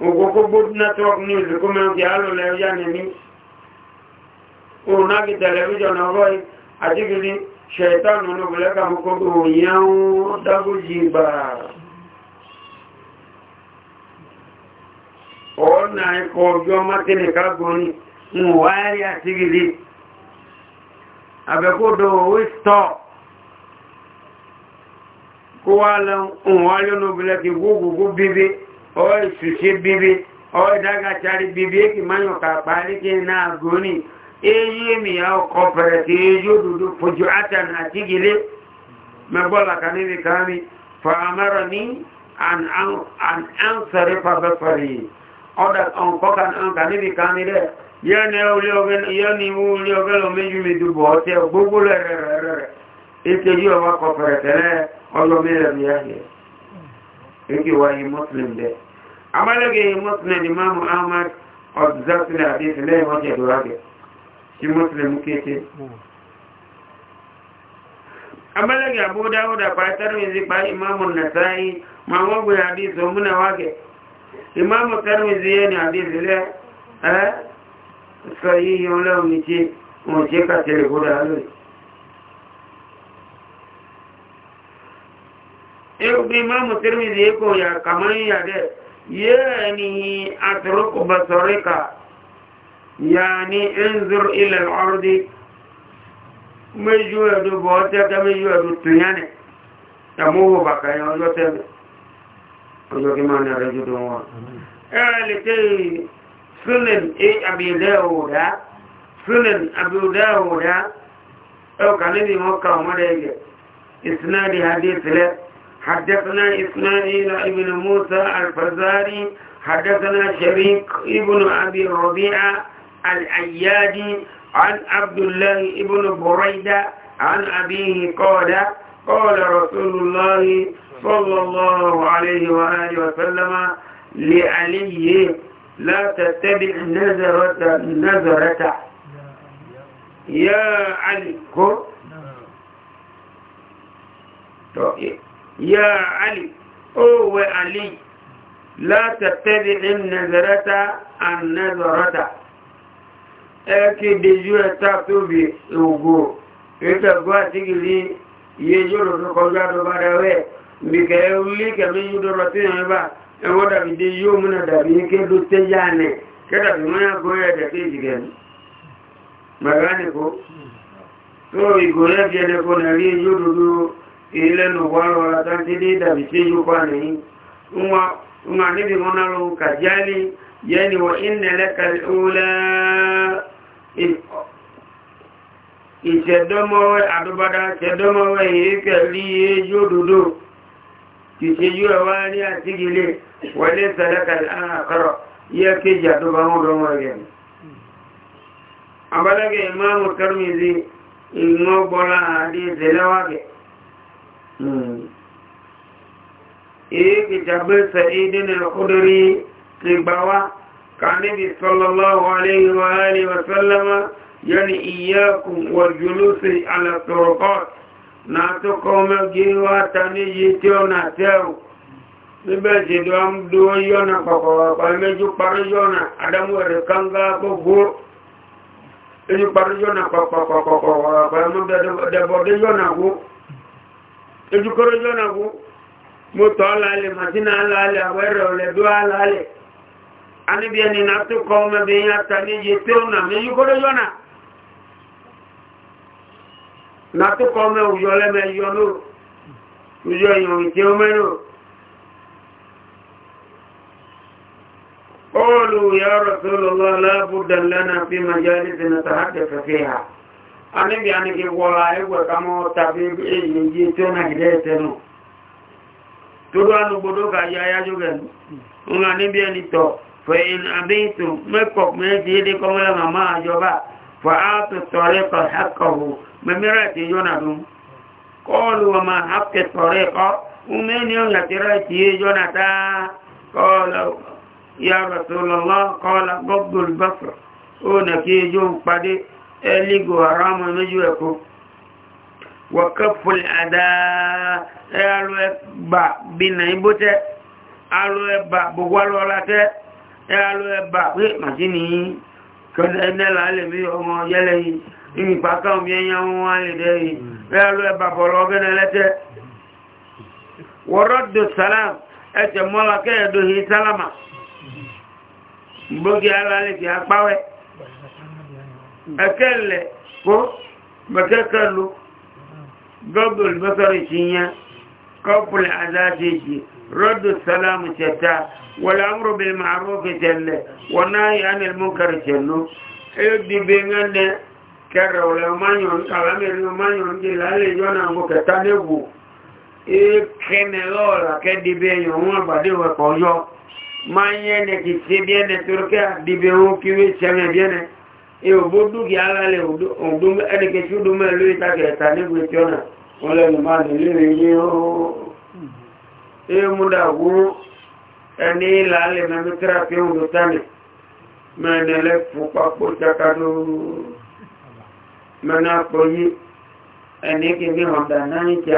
ogogogbo network news kúmẹ́ òkè alòlẹ̀ ọjá nìní òun náà tẹlẹ̀wíjọ̀nà ọgọ́ àti gidi ṣẹ̀tánù olóbìlẹ́kà mọ́kọ́ òyìnwó dágójì bà ọ̀nà ikọ̀ ọjọ́ mátínìká gọ́rin ń wáyé àti gidi àbẹ̀kódò owó stọ̀ kó wá lẹ́un wáyé olóbìlẹ́kì gbogbogbò bíbí oi sushi bibi oi daga chari bibi ki manyo ka pali ki na goni eyi mi ya ko pere ki e eju dudu fuju ata na tigile me bola kanini kami fa amarani an an an ansarifa basari oda on kokan an kanini kami de yẹ́ni orí ọgbẹ́ yẹ́ni orí ọgbẹ́ lọ amalage muslim imam ahmad ọdúnzásílẹ̀ àdíṣẹ́ lẹ́yìn wọ́n jẹ́ ìdúrágẹ̀ tí muslim kéèké amalage abúdáwọ́dà pàtàrí ìzípa imam nasa'i ma wọ́n gbé àdíṣẹ́ omúnàwágẹ̀ imam tarmizi yẹ́ ni àdíṣẹ́ lẹ́ ẹ́ sọ yíyí ọlọ́run ní tí wọ́n jẹ́ kàtẹ́lẹ̀ kódà lórí Ewu bí máa mú tírmìzì yé kò يعني أترك بصرك يعني انظر إلى الأرض مجود بوتك مجود التنينة تموه بك يا وجوتك وجوك ما نرجو دموه لكي سنن إيه أبي داود سنن أبي داود أو كان لي موقع مريك إسناد حديث لك حدثنا إسماعيل ابن موسى الفزاري حدثنا شريك ابن أبي ربيعة الأيادي عن عبد الله ابن بريدة عن أبيه قال قال رسول الله صلى الله عليه وآله وسلم لعلي لا تتبع نزرة نزرة يا علي يا علي أو علي لا تتبع النظرة النظرة أكيد جوة تطبي أوغو إتبقى تقلي يجور فقوزا تباراوي بكيولي كمي يدرسين هبا أودا بدي يومنا دابين كدو تجاني كده بمنا قوية دكيجي كده مغاني كو تو يقول لك يدكو نبي يجور ilẹ́nu wọ́rọ̀ látàjídé dàbí sí yúpa ní wọn níbi wọn lọ kàjálì yẹni wọ inẹ̀lẹ́kàlẹ̀ oòlẹ́ ìṣẹ̀dọ́mọ́wẹ́ àdúbádá ṣẹ̀dọ́mọ́wẹ́ ìrìkẹ̀ rí yóò dúdó kì ṣe yóò wá ní àtígilé wọlé sẹ̀lẹ́kàlẹ̀ àkọrọ̀ yẹ kéjì àdúbáwọ́dọ́mọ́ èyí ìjàgbé sẹ̀ídé ní ọkùnrin ti gbà wá ká níbi sọ́lọ́lọ́wọ́ aléhìwáhálì wàsálàmá yẹni ìyẹ́kùn wọ̀júlúsì alàtọ̀rọ̀kọ́t na tó kọ́ mẹ́gẹ́ wá ta ní yí tí ó nà tẹ́rù níbẹ̀ jẹ́dọ́ àmúdó yọ́nà pàpàpàpà méjú parí yọ́nà adámúwẹ̀rẹ̀ kángá gbogbo èyí parí yọ́nà pàpàpàpàpà ojúkọrọ jọ́nà kú mo tọ́ lálẹ̀ màtínà lálẹ̀ àwẹ́rẹ̀ ọ̀lẹ́dọ́ lálẹ̀ anibi ẹni na tó kọ́ ọmọbìnrin àtàlẹ́yẹ tó nà mí ojúkọrọ jọ́nà na tó kọ́ ọmọ òyọ lẹ́mẹ̀ yọ ló òyọ ìyọ̀n ìjẹ́ ọmọ ló قولوا يا رسول الله لا بد لنا في مجالس نتحدث anibi anigi wọ́la ẹgbẹ̀ e kamọ́ tàbí èyí e jí tí ó náà ilẹ̀ ẹ̀tẹ́nu tó bá lọ gbọdọ́ ka yá yájú rẹ̀ ńlá níbi ẹni tọ̀ fẹ̀yìn àbíntù mẹ́kọ̀ méjì ilé kọ́mọ́lẹ̀ màmá àjọba fọ́ áàtù tọ̀rẹ́ kọ̀ hákọ̀hù mẹ́mẹ́rẹ́ ti yọ́nà dùn kọ́ọ̀lù ọmọ hákẹ́ tọ̀rẹ́ kọ́ umeni ọ̀nà ti rẹ̀ ó nà kí ejò ń padé ẹlígò àrámọ̀ méjì ẹ̀kọ́ wọ̀kẹ́fùlì àdá ẹ̀rọ ẹgbà bínà ibó tẹ́ ẹ̀rọ ẹgbà gbogbo alọ́ọ̀lá tẹ́ ẹ̀rọ ẹgbà pé màtí ní kẹ́lẹ́nẹ́là lèmi ọmọ yẹ́lẹ̀ yìí ìgbà káwọn bí ẹyàn wọn wá lè dẹ́ yìí ẹ̀rọ ẹgbà bọ̀lọ́ ọgẹ́nẹ́lẹ́tẹ́ wọ́rọ́dù sálám ẹ̀tẹ̀ mọ́lá kẹ́ẹ̀dọ̀ yìí sálàmà gbógi alálẹ̀ kì apáwẹ́ ẹ̀kẹ́lẹ̀ kó mẹ́kẹ́kẹ́ ló gọ́gbọ̀l bẹ́kẹ́rì sí yẹn kọ́pùlẹ̀ azáṣẹ́ṣì rọ́dù sálámù tẹ̀ta wọ́lá amúrùbẹ̀ màárùkì tẹ̀lẹ̀ wọ́n náà yà ní mọ́kàrì tẹ̀lú ẹ̀yọ́dìbẹ̀ ńlẹ̀ kẹrẹ̀ ọ̀lẹ̀ ọmọ yọ̀ ń kàwàmẹ́rin ọmọ ìwòbódú kí alálẹ̀ ọdún ẹnìkẹ́ tí ó dún mẹ́lú ìtàkẹ̀ẹ̀ta nígbè tí ọ̀nà wọn lẹ́nu máa nílé ilé oó ìmúdàwó ẹni ìlàálẹ̀ mẹ́mí tírapí ohun tánì mẹ́nẹ̀lẹ́ fúpapò jákàdó mẹ́nà pọ̀yí ẹni kí ní ọ̀dà náà kí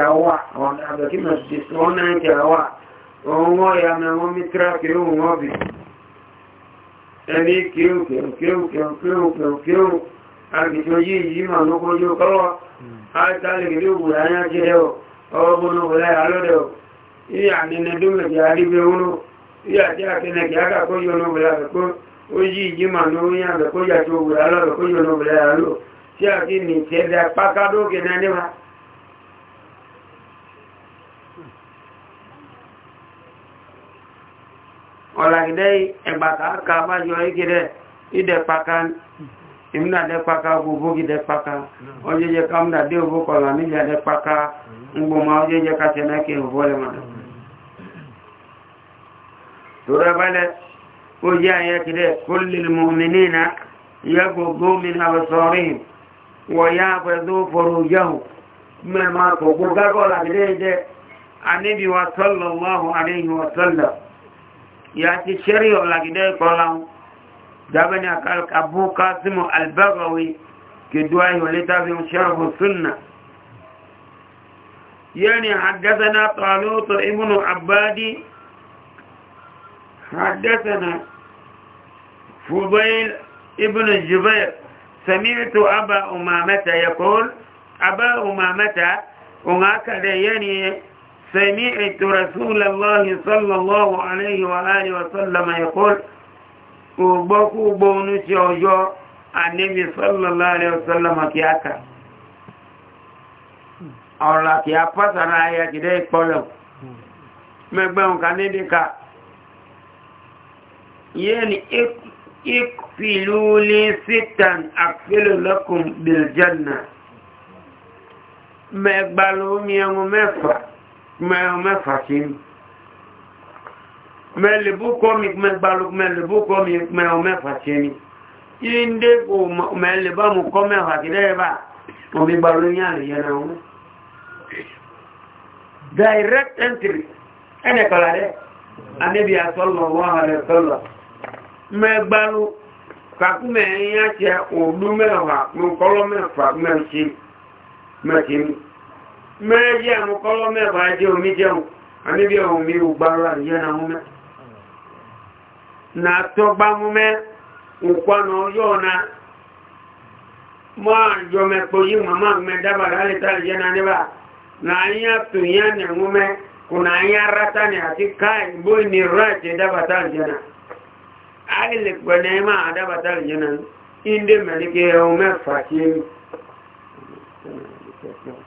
wà ẹni kíú kíú kíú kíú kíú kíú kíú agbègbè yìí yìí mà ló kójú kọ́wọ́ àtàlẹ̀ gẹ̀dẹ̀ òwúrẹ̀ ayájẹ́ ọ̀ ọgbọ́n òwúrẹ̀ alọ́dẹ̀ ọ̀ ìyà nínú dúnmẹ̀kẹ̀ àríbẹ̀ wúlò ìyà tí a kẹ́nẹ̀ kí a kà kójú olóbìnrin àbẹ̀kó ó yí ìjí mà ló ń yàbẹ̀ kójú àti òwúrẹ̀ alọ́dẹ̀ kójú olóbìnrin àlọ́ tí a kí ní ọ̀làgídẹ́ ẹgbàtà aka bá yọ ìgírẹ̀ ìdẹ̀paka ìmúnàdẹ́paka gbogbo ìdẹ̀paka ọjẹ́jẹ́ kámúnàdé ògbó kọlà níjàdẹ́paka ngbòmá ọjẹ́jẹ́ kàtẹ́nẹ́kẹ́ ìvọ́lẹ̀mà tòrẹ́bálẹ̀ ó yá ayẹ́kìdẹ́ kólìlmọ̀mìnínà yẹ gbogbo mìnà bẹ̀sọ̀rìn wọ̀yá fẹ́dó fọ̀rọ̀ yẹ́hù mẹ́mà kòkó gágọ́ làgídẹ́ jẹ́ anábì wa sallallahu yàtí ṣẹ́rí ọ̀làgídẹ́ ìkọláhùn dábẹ́ni àbú kásímù albáwọ̀wé kìdúwà ìwọ̀lẹ́ta fi ń ṣẹ́rọ̀bù súnnà yẹ́ni àdẹ́sẹ̀nà tọ́lótọ́ ibùnù àbádí àdẹ́sẹ̀nà fúbẹ́l ibùnù jùbẹ́l سمعت أبا أمامة يقول أبا أمامة أمامة يعني سمعت رسول الله صلى الله عليه وآله وسلم يقول أبوكو بونس يوجو النبي صلى الله عليه وسلم كياكا أولا كياكا سرايا كده يقولوا مبعون كانديكا يعني اكفلوا لي ستا أكفل لكم بالجنة مبعلوا ميامو مفر mẹ́fà kí ní mẹ́lẹ̀bú kọ́mí mẹ́gbàlùkú mẹ́lẹ̀bú kọ́mí mẹ́fà kí ní ìndé kò mẹ́lẹ̀bá mú kọ́ mẹ́fà kí lẹ́yẹ̀bá wọ́n bí gbàlù ní àlèyàn àwọn direct entry ẹnẹ̀ kọ̀lá rẹ̀ anẹ́bí àtọ́lọ̀ wọ́n àrẹ̀ tọ́lọ̀ mẹ́gbàlù kàkúmẹ̀ ẹ̀yìn àti ọ̀dún mẹ́fà kọ́lọ́ mẹ́fà mẹ́jẹ̀mù kọ́lọ́ mẹ́bàá jẹ́ omi jẹun àníbí ọ̀hún mi ò gbára yẹ́nà mú mẹ́ na tọ́gbá mú mẹ́ òkwánà ọjọ́ na máa jọ mẹ́pọ̀ yí màmá mẹ́ dábàrá lẹ́ta yẹ́nà níbà na yá tó yá nẹ̀ mú mẹ́ kò na yá rátá ní àti káì bó ní ráìtì dábàtà yẹ́nà àìlè pẹ̀lẹ́ máa dábàtà yẹ́nà ní Thank you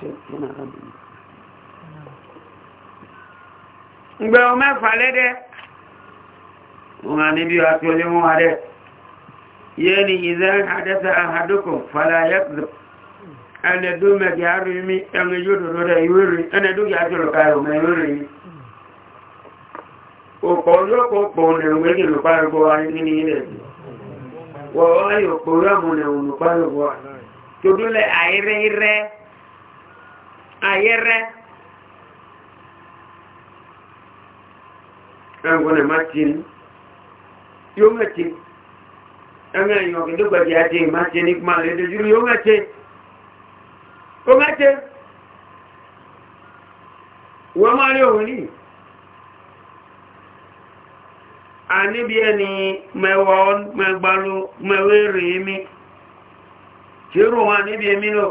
protected yana rabu ìgbẹ̀ ọmọ ẹ̀fà lẹ́dẹ́ wọn ni bí wà tí ó lé wọn wà dẹ́ yẹ́ ni ìzẹ́rin àdẹ́sẹ̀ àhàdókò fàlàyẹ́kùzọ̀ ẹnẹ̀dúnmẹ̀kì arìmí ẹ̀mẹ̀ yóò dòdó rẹ̀ ìwé rẹ̀ ẹnẹ̀dúnkì àti olùkà ọmọ ìwé rẹ̀ yìí òpò olókòpò nẹ̀wẹ̀kì olùpárọ̀gbọ̀ wáyé nínú ilẹ̀ wọ́n yóò pòrọ̀ mọ̀ nẹ̀wẹ̀ olùpárọ̀gbọ̀ tó dúlẹ̀ àìrẹ́ ayẹrẹ ẹgbọ́n ẹ̀ máa ti ní yóò mẹ́tí ẹgbẹ́ èèyàn kìí lọ́gbẹ̀dẹ̀ àti ìmá ti ní máa lè dojú yóò mẹ́tí ó mẹ́tí wọ́n máa rí òun ní a níbi ẹni mẹ́wàá mẹ́gbàlú mẹ́wẹ́ rèé mi tí ó rò wọn níbi èmi náà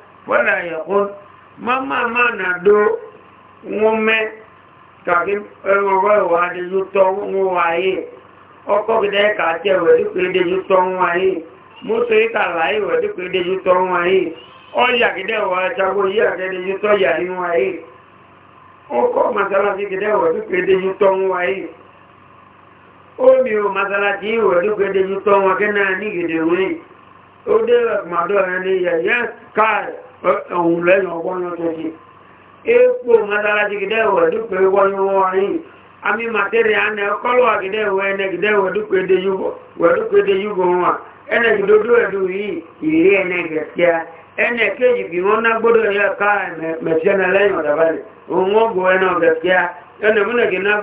wala yaqul mama mana do ngume kaki ewa wa de yuto ngwaye oko gide ka che we de de yuto ngwaye muso ita lai we de de yuto ngwaye oya gide wa chago ya de yuto ya ngwaye oko masala gide wa de de yuto ngwaye omi o masala ti ni gide we o de ya ya kai òun lẹ́yìn ọgbọ́n náà tó ṣe epo mọ́sálásí gidẹ́wọ̀ dúpẹ́ wọ́nyọ́wọ́rin àmì màtẹ́rẹ̀ àná kọ́lọ̀ gidẹ́wọ̀ ẹnẹ gidẹ́wọ̀ dúpẹ́ de yúgọ̀ wọn ẹnẹ gidodo ẹ̀dù yìí ìrí ẹnẹ gẹ̀ẹ́síá ẹnẹ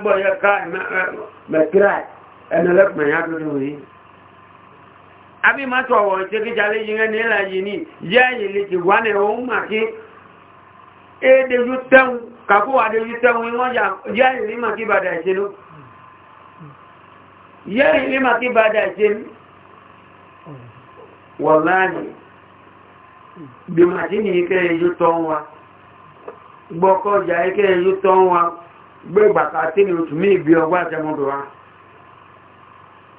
gbọ́ yẹ ká abi matu awo teki jale yinga ne la yini ya yili ti wane o ma ki e de yu tan ka ko wa de yu tan wi mo ya ya yili ma ki bada jenu ya yili ma ki bada jenu wallahi bi ma ti ni ke yu ton wa gboko ja ke yu ton wa gbe gba ka ti ni o tu mi bi ogba je mo do wa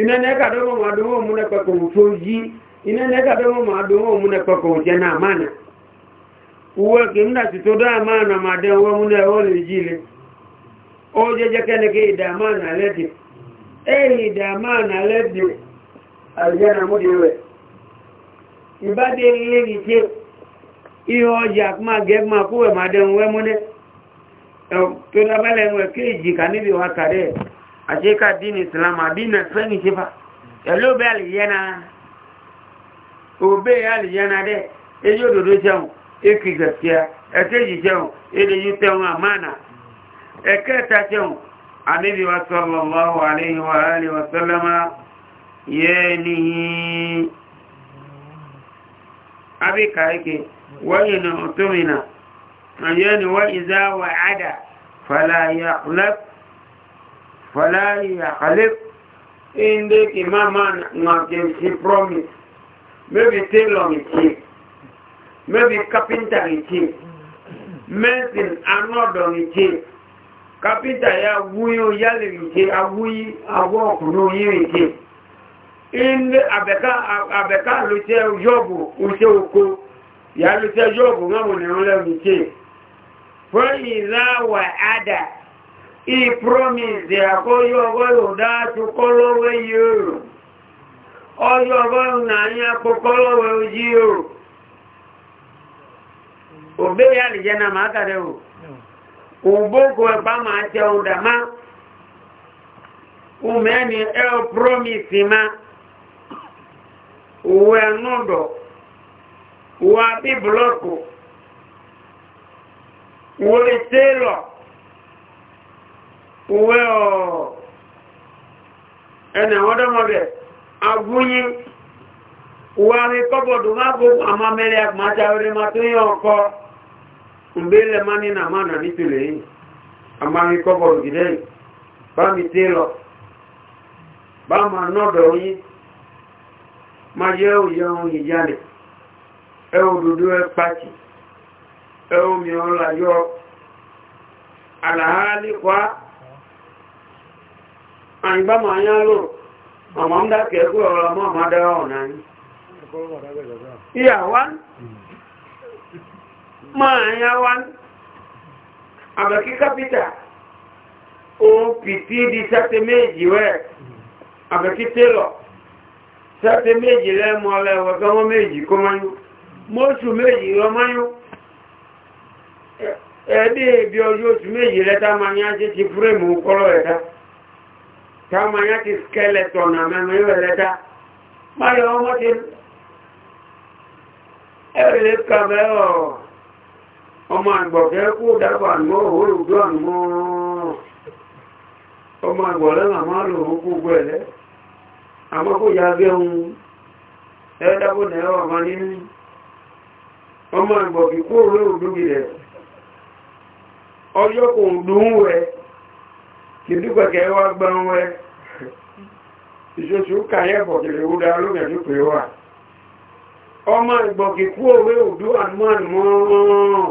inene kadomo madomo mune kwa kumfuji inene kadomo madomo mune kwa kujana amana uwe kimna titoda amana made uwe mune ole jile oje jakene ke idamana ledi e eh idamana ledi aljana mudiwe ibade yeli che iyo jakma gegma kuwe made uwe mune e to labale mwe keji kanibi wakare àṣíkà dín islam àdínà fẹ́ni ṣífà ẹ̀lóbẹ̀ àlìyẹ́nà òbẹ̀ àlìyẹ́nà dẹ́ èyí òdòdó ṣẹ́hùn èkì gẹ̀ẹ́sìá ẹ̀kẹ́jì ṣẹ́hùn èdèyí tẹ́hùn àmànà ẹ̀kẹ́ta ṣẹ́hùn àníbi wa sallallahu alayhi wa alihi wa sallama yẹ́ni abíkà ike wọ́yìn ọ̀tọ́mìnà yẹ́ni wọ́n ìzáwà àdà fàlàyà lẹ́pù fala yakhlif inde imama ngake si promise maybe tailor ngi maybe carpenter ngi medicine anodo ngi carpenter ya wuyo yale ngi awuyi awo kuno ngi inde abeka abeka lo je jobu uje oko ya lo je jobu ngamo ne nle ngi fa iza wa ada he promised àkóyọ ọgọ́rùn dáàtú kọ́lọ́wẹ́ yóò ọjọ́ ọgọ́rùn náà ní àpò kọ́lọ́wẹ́ ojí yóò òbé yà lè jẹ́ náà máa kàrẹ ò ògbókò ẹ̀pá máa tẹ ohun dàmá ọmọẹ́ni ẹ ò promise ma òwò ẹ̀nù dọ̀ òwò àbí blọ́kù òwò ìtẹ́lọ̀ uwe ẹnà ọdọ́mọdẹ̀ agúnyí uwe ahị kọbọdụ ma bụ amamere agmacha ma tó ọkọ mgbe ilẹ̀ mani na ma na nítìlẹ̀ yìí amahị kọbọdụ gidẹ̀ yìí bá mi tí lọ bá ma nọ́dọ̀ yìí ma yẹ òye ohun ìjálẹ̀ ẹ òdòdó ẹ pàtì ẹ omi ọlá yọ àyíbá máa yá lò àmọ́ ń dákẹ́ ẹ̀kú ọ̀rọ̀ ọmọ àmádára ọ̀nà ní ìyàwá máa yáwá di sẹ́tẹ̀ méjì rẹ̀ àbẹ̀kí télọ̀ sẹ́tẹ̀ méjì lẹ́mọ́ lẹ́wọ̀ gọ́mọ́ méjì kó máyú mọ́sù méjì lọ máyú ẹ̀ẹ́dẹ́ ibi ọjọ́ oṣù méjì lẹ́ta máa yá jẹ́ ti fúrèmù kọ́lọ̀ ẹ̀dá táwọn yá ti skeleton àmẹ́mẹ́ ìrẹ̀lẹ́ta máyọ̀ ọmọ ti ẹ̀rẹ̀lẹ́ kàbẹ́ ọ̀rọ̀ ọmọ àgbọ̀kẹ́ kú dábà àmọ́ òórùdó àmọ́ ọmọ àgbọ̀lẹ́ màmá lòun kú gbẹ̀lẹ́ àmọ́ kò yá gẹ́ ohun ẹ̀ẹ́dàbò nẹ̀rọ ọmọ nínú ọmọ àgbọ̀kẹ́ kú ọjọ́ kò dùn rẹ̀ kìdúgbẹ̀kẹ́ wá gbọ́n wẹ́ ìṣoṣù kàyẹ̀bọ̀ kìlẹ̀ ó dá lóògẹ̀ tó pè wà ọmọ ìgbọ̀kì kú òwe ala àmọ́n mọ́rún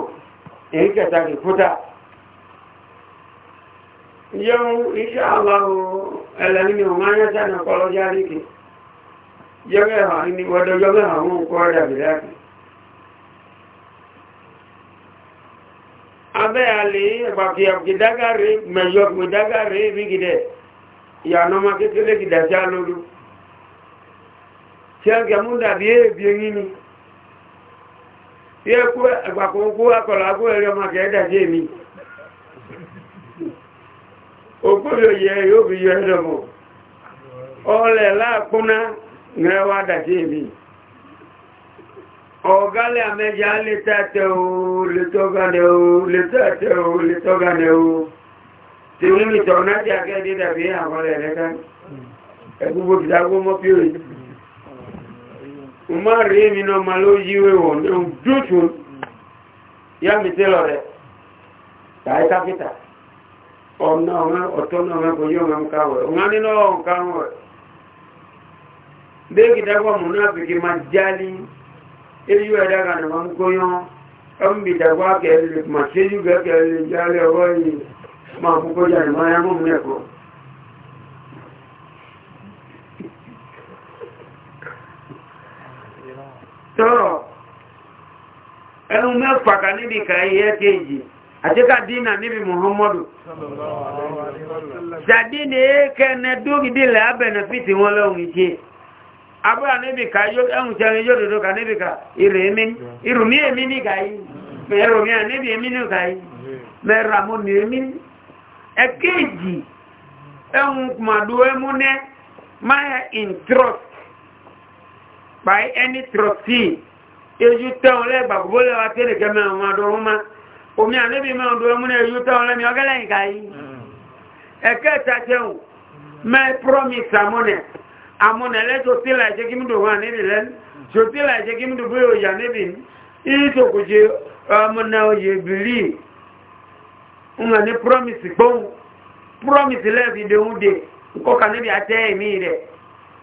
èyí kẹta kì fúta yẹun iṣẹ́ àláwọ̀ ẹlẹ́ni ọmọ ayẹ́sẹ̀ nà kọlọ́jà ríkì ha abe ali bakiam kidagari meyok midagari bigide ya no ma kekele kidacha lulu tiangi amunda bie biengini ye ku e, agba ko ku akola ku ere ma ke da je mi opo yo ye yo bi yo e do mo ole la kuna ngrewa da je mi ọ̀gálẹ̀ àmẹ́jà lè tẹ́tẹ́ o lè tọ́gánẹ̀ o lè tẹ́tẹ́ o lè tọ́gánẹ̀ o tí ó ní ìtọ̀ náà jẹ́ akẹ́dẹ́ dàbí àwọn ẹ̀rẹ́gá ẹgbogbo ìdágbó mọ́ pí òyìn ọmọ rí mi náà ma ló yíwé wọ̀ ní ojútù yá mi tẹ́lọ rẹ̀ tàí kápítà ọ̀nà ọ̀tọ́ náà mẹ́kọ̀ọ́ yóò mẹ́m eyu ẹ̀dá kan wọn kóyán ẹ̀mùbìdàgbà kẹrìlẹ̀ ma ṣe yú kẹrìlẹ̀ jálẹ̀ ọwọ́ yìí máa kúkọ́ jà ní máa yámọ́ mẹ́kọ̀ tọ́rọ̀ ẹnu mẹ́fà kan níbi kàíyẹ kéjì àtíkà dínà níbi muhammadu wọn lọ́wọ́ ìṣe abúrà níbi ká ẹ̀hùn jẹrin yóò dòdó ká níbi ká ìrùmí èmi ní gáyí mẹ́rùmí níbi èmi ní gáyí mẹ́ràmú ní èmi ẹ̀kéjì ẹ̀hùn kùmàdó ẹmú ní máa in trust by any trustee ejú tẹ́wọ̀n lẹ́gbà gbogbo lẹ́wà tẹ́lẹ̀ kẹ́mẹ́ ọmọ adọ́rún má omi àníbi mẹ́rùn dó ẹmú ní ejú tẹ́wọ̀n lẹ́mi ọgẹ́lẹ́yìn gáyí ẹ̀kẹ́ta tẹ́wọ̀n my promise amúnẹ̀ amúnẹ̀lẹ́ tó tílà ẹ̀ṣẹ́ kí múdò wà níbi lẹ́n tó tílà ẹ̀ṣẹ́ kí múdò bóyá òyà níbi ìtòkùnjẹ ọmọnà oyè bìlì ńlá ní promise gbóhùn promise lẹ́ẹ̀fì dẹ̀hún dẹ̀ kọ́kà níbi àtẹ́ ẹ̀mí rẹ̀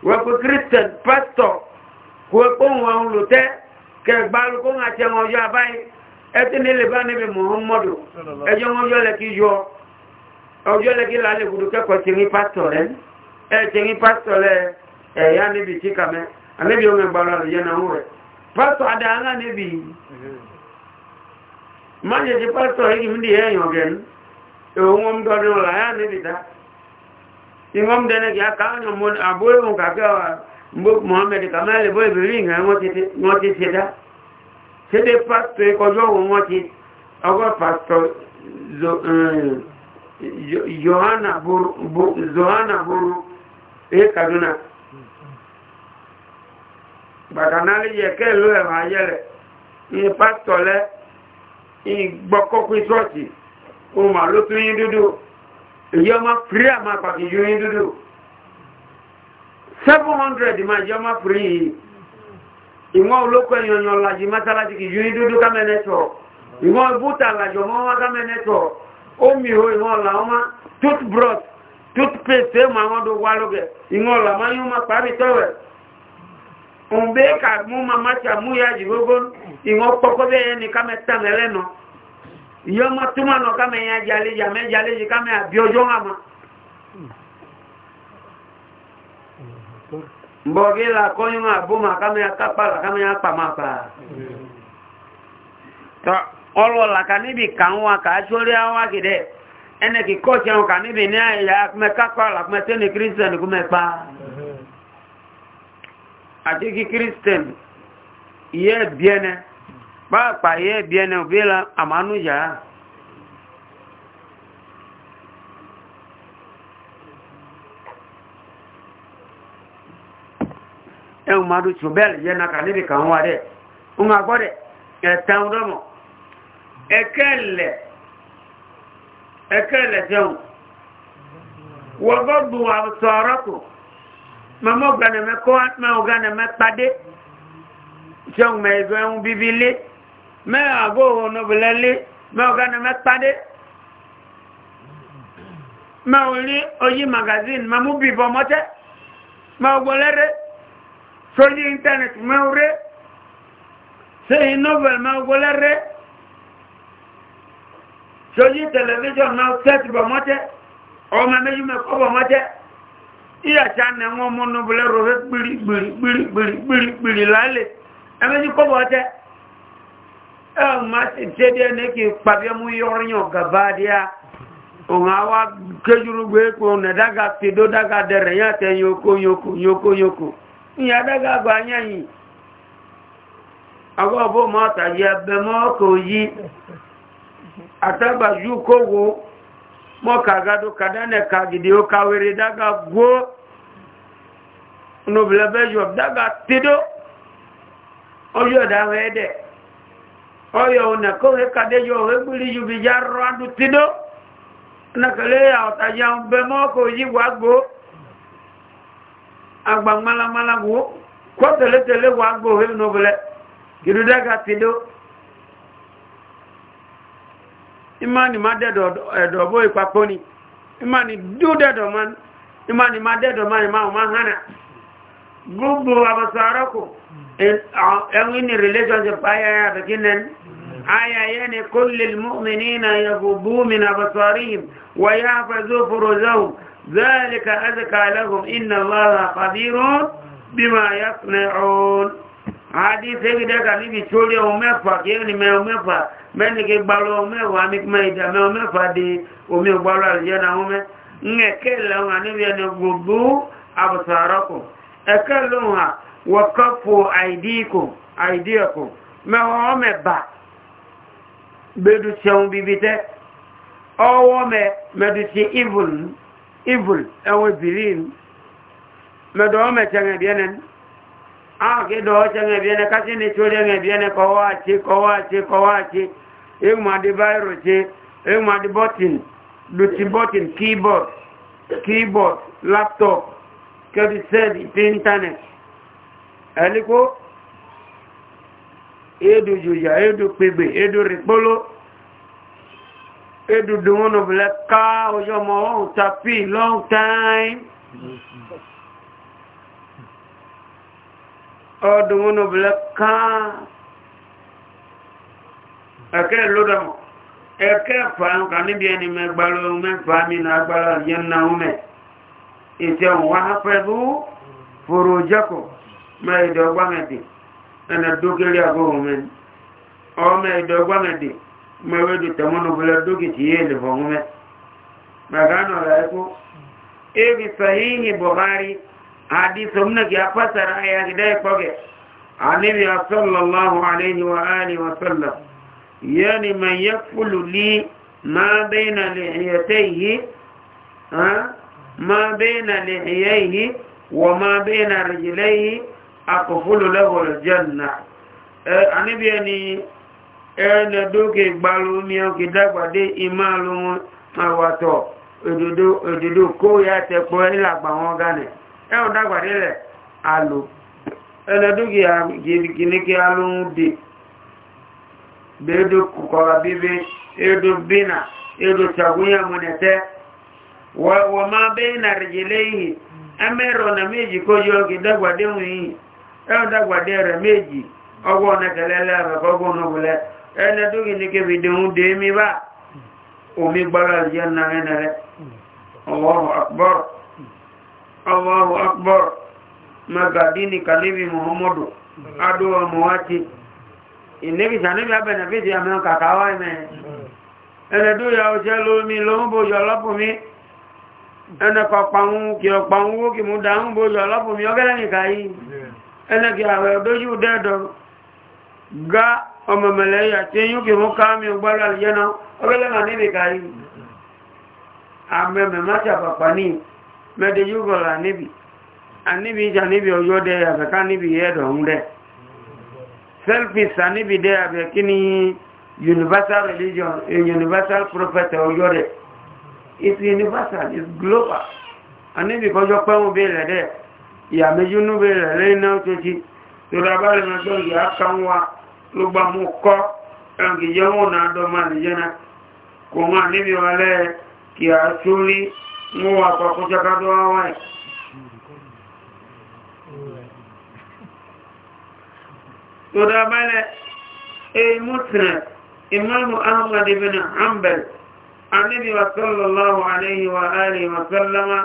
wẹ́pẹ́ christian pastor kò ẹ̀kọ́hùn àwọn olùtẹ́ kẹgbà alùkóhùn àti ẹ̀wọ̀n ọjọ́ abáyé ẹtí ní lè bá níbi muhammadu ẹjọ́ wọn yọ lẹ́kí yọ ọjọ́ lẹ́kí pastor rẹ̀ ẹ̀ pastor rẹ̀ ẹ̀yà níbi tí kàmẹ́ àníbi ohun ẹgbàrà rẹ̀ yẹn náà rẹ̀ pásítọ̀ àdáhánà níbi má jẹ́ ti pásítọ̀ yìí ń di ẹ̀yàn gẹ̀ẹ́n òun ọmọ dọ́dún ọ̀la yà níbi dá ìwọ́n dẹ́nẹ́ kí a káwọn ka àbúrò òun kàkẹ́ wa mbó mohammed kamale ti ṣe ti zo eh, e Kaduna, gbàdánálì yẹ kẹ́lú ẹ̀rùn ayẹ́lẹ̀ ní pásítọ̀lẹ́ ìgbọ́kọ́kí ṣọ́ọ̀tì ohun àló tún yí dúdú èyí ọmọ fírí àmà pàtàkì yú yí dúdú 700 máa yọmọ fírí yìí ìwọ́n olóko ẹ̀yọ̀yàn làjì mátàlájì kì yú yí dúdú kámẹ́nẹ́tọ̀ ìwọ́n bútà toothbrush toothpaste ẹ̀mọ̀ àwọn ọdún wà lókè ìwọ́n làmáyún má parí mgbe ka mụ mama cha mụ ya ji gogo ịṅụ kpọkọbe ya ni kame tamele nọ ihe ọma nọ kame ya jali ya me jali ji kame abịa ọjọọ ha ma mbọ gị la kọnyụ ma bụ ma kame ya kakpala kame ya kpa ma kpa ọlụọla ka n'ibi ka nwa ka achọrị awa gị dị ene kị kọchị ahụ ka n'ibi na ya kụme kakpala kụme tene kristian kụme kpaa àti kí kírísítẹ̀n yẹ ẹ̀bí ẹnẹ pàápàá yẹ ẹ̀bí ẹnẹ òbí la àmánúyà ẹ̀hùn máa dùn tún bẹ́ẹ̀lì yẹ́ náà kà níbi kà ń wá rẹ̀ ń agbọ́ rẹ̀ ẹ̀tàn rọ̀mọ̀ ẹ̀kẹ́lẹ̀ ẹ̀kẹ́lẹ̀ jẹun wọ́gọ́gbùn àwọn mama ọ̀gánà mẹ́ kọ́ ma ọ̀gánà mẹ́ padé ṣeun mẹ́ ìgbẹ́ ń bíbí lé mẹ́ àgọ́ ònàbìlẹ̀ lé mẹ́ ọ̀gánà mẹ́ padé mẹ́ orí oyí magazine ma mú bìbọ̀ mọ́tẹ́ mẹ́ ọgbọ́lẹ́rẹ́ sórí internet mẹ́ oré sẹ́yìn novel mẹ́ ọgbọ́lẹ́rẹ́ sórí television mẹ́ ọ̀tẹ́tì bọ̀ mọ́tẹ́ ọmọ méjì mẹ́ kọ́ bọ̀ mọ́tẹ́ ìyàtí na wọn mọ́nà bẹ̀lẹ̀ rọ̀rẹ́ gbìrìgbìrìgbìrìgbìrì lálẹ̀ ẹmẹ́jì kọ́bọ̀ ọ̀tẹ́ ẹ̀mà ṣe díẹ̀ ní kí pàbí ẹmú yọrìyàn gàbádíà òun àwá kéjúrú gbé kò nẹ̀dága dága dẹ̀rẹ̀ dága gbà yẹ́yìn àwọn ọ̀bọ̀ mọ́ta yẹ bẹ̀mọ́ kò yí àtàgbàjú kówó gidi no bla bla jo da ga tido o yo da wede o yo na ko he ka de jo he buri ju bi jar ro andu tido na ka le ya ta ya be mo ko ji wa go agba mala mala go ko tele tele wa go he no bla ki du da ga tido imani ma de do e, do boy papo ni imani du de do man imani ma de do man ma o ma hana gbogbo abasarako ẹwìn eh, ah, relationship ayaya bikinan ayaya ne kullil mu'minina ya gubu min abasarihim wa ya fazo furozahun zalika azaka lahum inna allaha qadirun bima yasna'un hadith ebi daga níbi torí ohun mẹ́fà kí ní mẹ́rin mẹ́fà mẹ́ni kí gbalọ ohun mẹ́wàá mi kí ìdá mẹ́rin mẹ́fà di omi gbalọ àlùjẹ́ ohun mẹ́ ń ẹ̀kẹ́ ìlànà níbi ẹni gbogbo abùsàrọ́kùn ẹ̀kẹ́ lóhun à wọ̀kọ́fò àìdíẹ̀kùn mẹ́wọ́n mẹ́ bà gbẹ́dù ṣẹun bíbí tẹ́ ọwọ́ mẹ́ mẹ́dù ṣe evil ẹwọ́ ìbìlín mẹ́dù ọmọ ẹ̀ṣẹ̀rẹ̀ bíẹ́nẹ́ áàkídọ̀ ọ̀ṣẹ̀rẹ̀ bíẹ́nẹ́ kásí ní tí ó rẹ̀ bíẹ́nẹ́ kọwọ́ àti kọwọ́ àti kọwọ́ àti ìmọ̀dé báyìí ṣe ìmọ̀dé bọ́tìn keyboard keyboard laptop kẹ́bí sẹ́ẹ̀dì tí internet ẹ̀líkó édù jòyà édù pègbè édù rìpóló édù dùnúnù bìlẹ̀ ká ojọ́mọ̀ ọ̀hún tapí long time ọdùnúnù bìlẹ̀ ká ẹ̀kẹ́ lódọ̀mọ̀ ẹ̀kẹ́ fàánkà níbi ẹni mẹ́gbàlọ́ mẹ́fàá mi náà gbàlọ́ yẹn náà mẹ́ ìtẹ̀wọ̀n wá fẹ́bú fòrò jẹ́kọ̀ mẹ́ẹ̀dọ̀gbámẹ́dì ẹnà dókèrè agbóhùn mẹ́ni ọmọ ẹ̀dọ̀gbámẹ́dì mẹ́wẹ́dù tẹ̀mọ́nubulẹ̀ dókìtì yé lè fọ̀hún mẹ́ na ọ̀rọ̀ ẹ̀kú ebi sahihi buhari hadisi omnaki ma ما بين لحييه وما بين رجليه أقفل له الجنة anibi ni ẹnẹ dókè gbalu mi ọ kì dágbàdé ìmá ló wọn àwàtọ̀ òdòdó kó ya tẹpọ ìlàgbà wọn gánẹ̀ ẹ̀hùn dágbàdé lẹ̀ alò ẹnẹ dókè gìrìgìrìkì alóhun dè bẹ́ẹ̀dọ́ kọ̀ọ̀rọ̀ bíbí ẹ̀dọ́ bínà wama bena rejeleihi amero na meji kojo kidagwade wi e dagwade re meji ogo na kelela ba kogo no bule ene dugi ni ke bidun de mi ba omi gbara janna ene re Allahu akbar Allahu akbar magadini kalibi Muhammadu adu wa inebi sanebi bidi amen kakawa ene hmm. e du ya o jelo mi mi ẹnẹ́kọ̀ pàwọn kí ọpàwọn owó kí mú dáhùn bóyọ ọlọ́pùnmí ọgẹ́rẹ́ nìkà yìí ẹnẹ́kì àwẹ̀ ọdójú dẹ́ẹ̀dọ̀ gá ọmọ mẹ̀lẹ́yà tí yíò kí mú káàmì ọgbọ́lá àlìyẹ́nà ọgẹ́lẹ́ mà níbìkà yìí àmẹ́mẹ̀ máṣà pàpà ní mẹ́dẹ̀yúgọ̀lá níbi àníbi ìjà níbi ọjọ́ dẹ́ àbẹ̀ká níbi ẹ̀dọ̀ ń dẹ́ selfies àníbi dẹ́ universal religion universal prophet ọjọ́ dẹ́ its universal its global anibi if you bí ilẹ̀ dẹ̀ ìyà méjì nú bí ilẹ̀ lẹ́yìn be tó ti torí abáyọ̀ náà tó ń yà ká ń wa ló gbà mú kọ́ ẹnkì mọ́ anibi wọn lẹ́ kí a tó rí mú wa pàkó jákàdọ́ wá wáyé. torí ibn Annabi wa sallallahu alayhi wa alihi wa sallama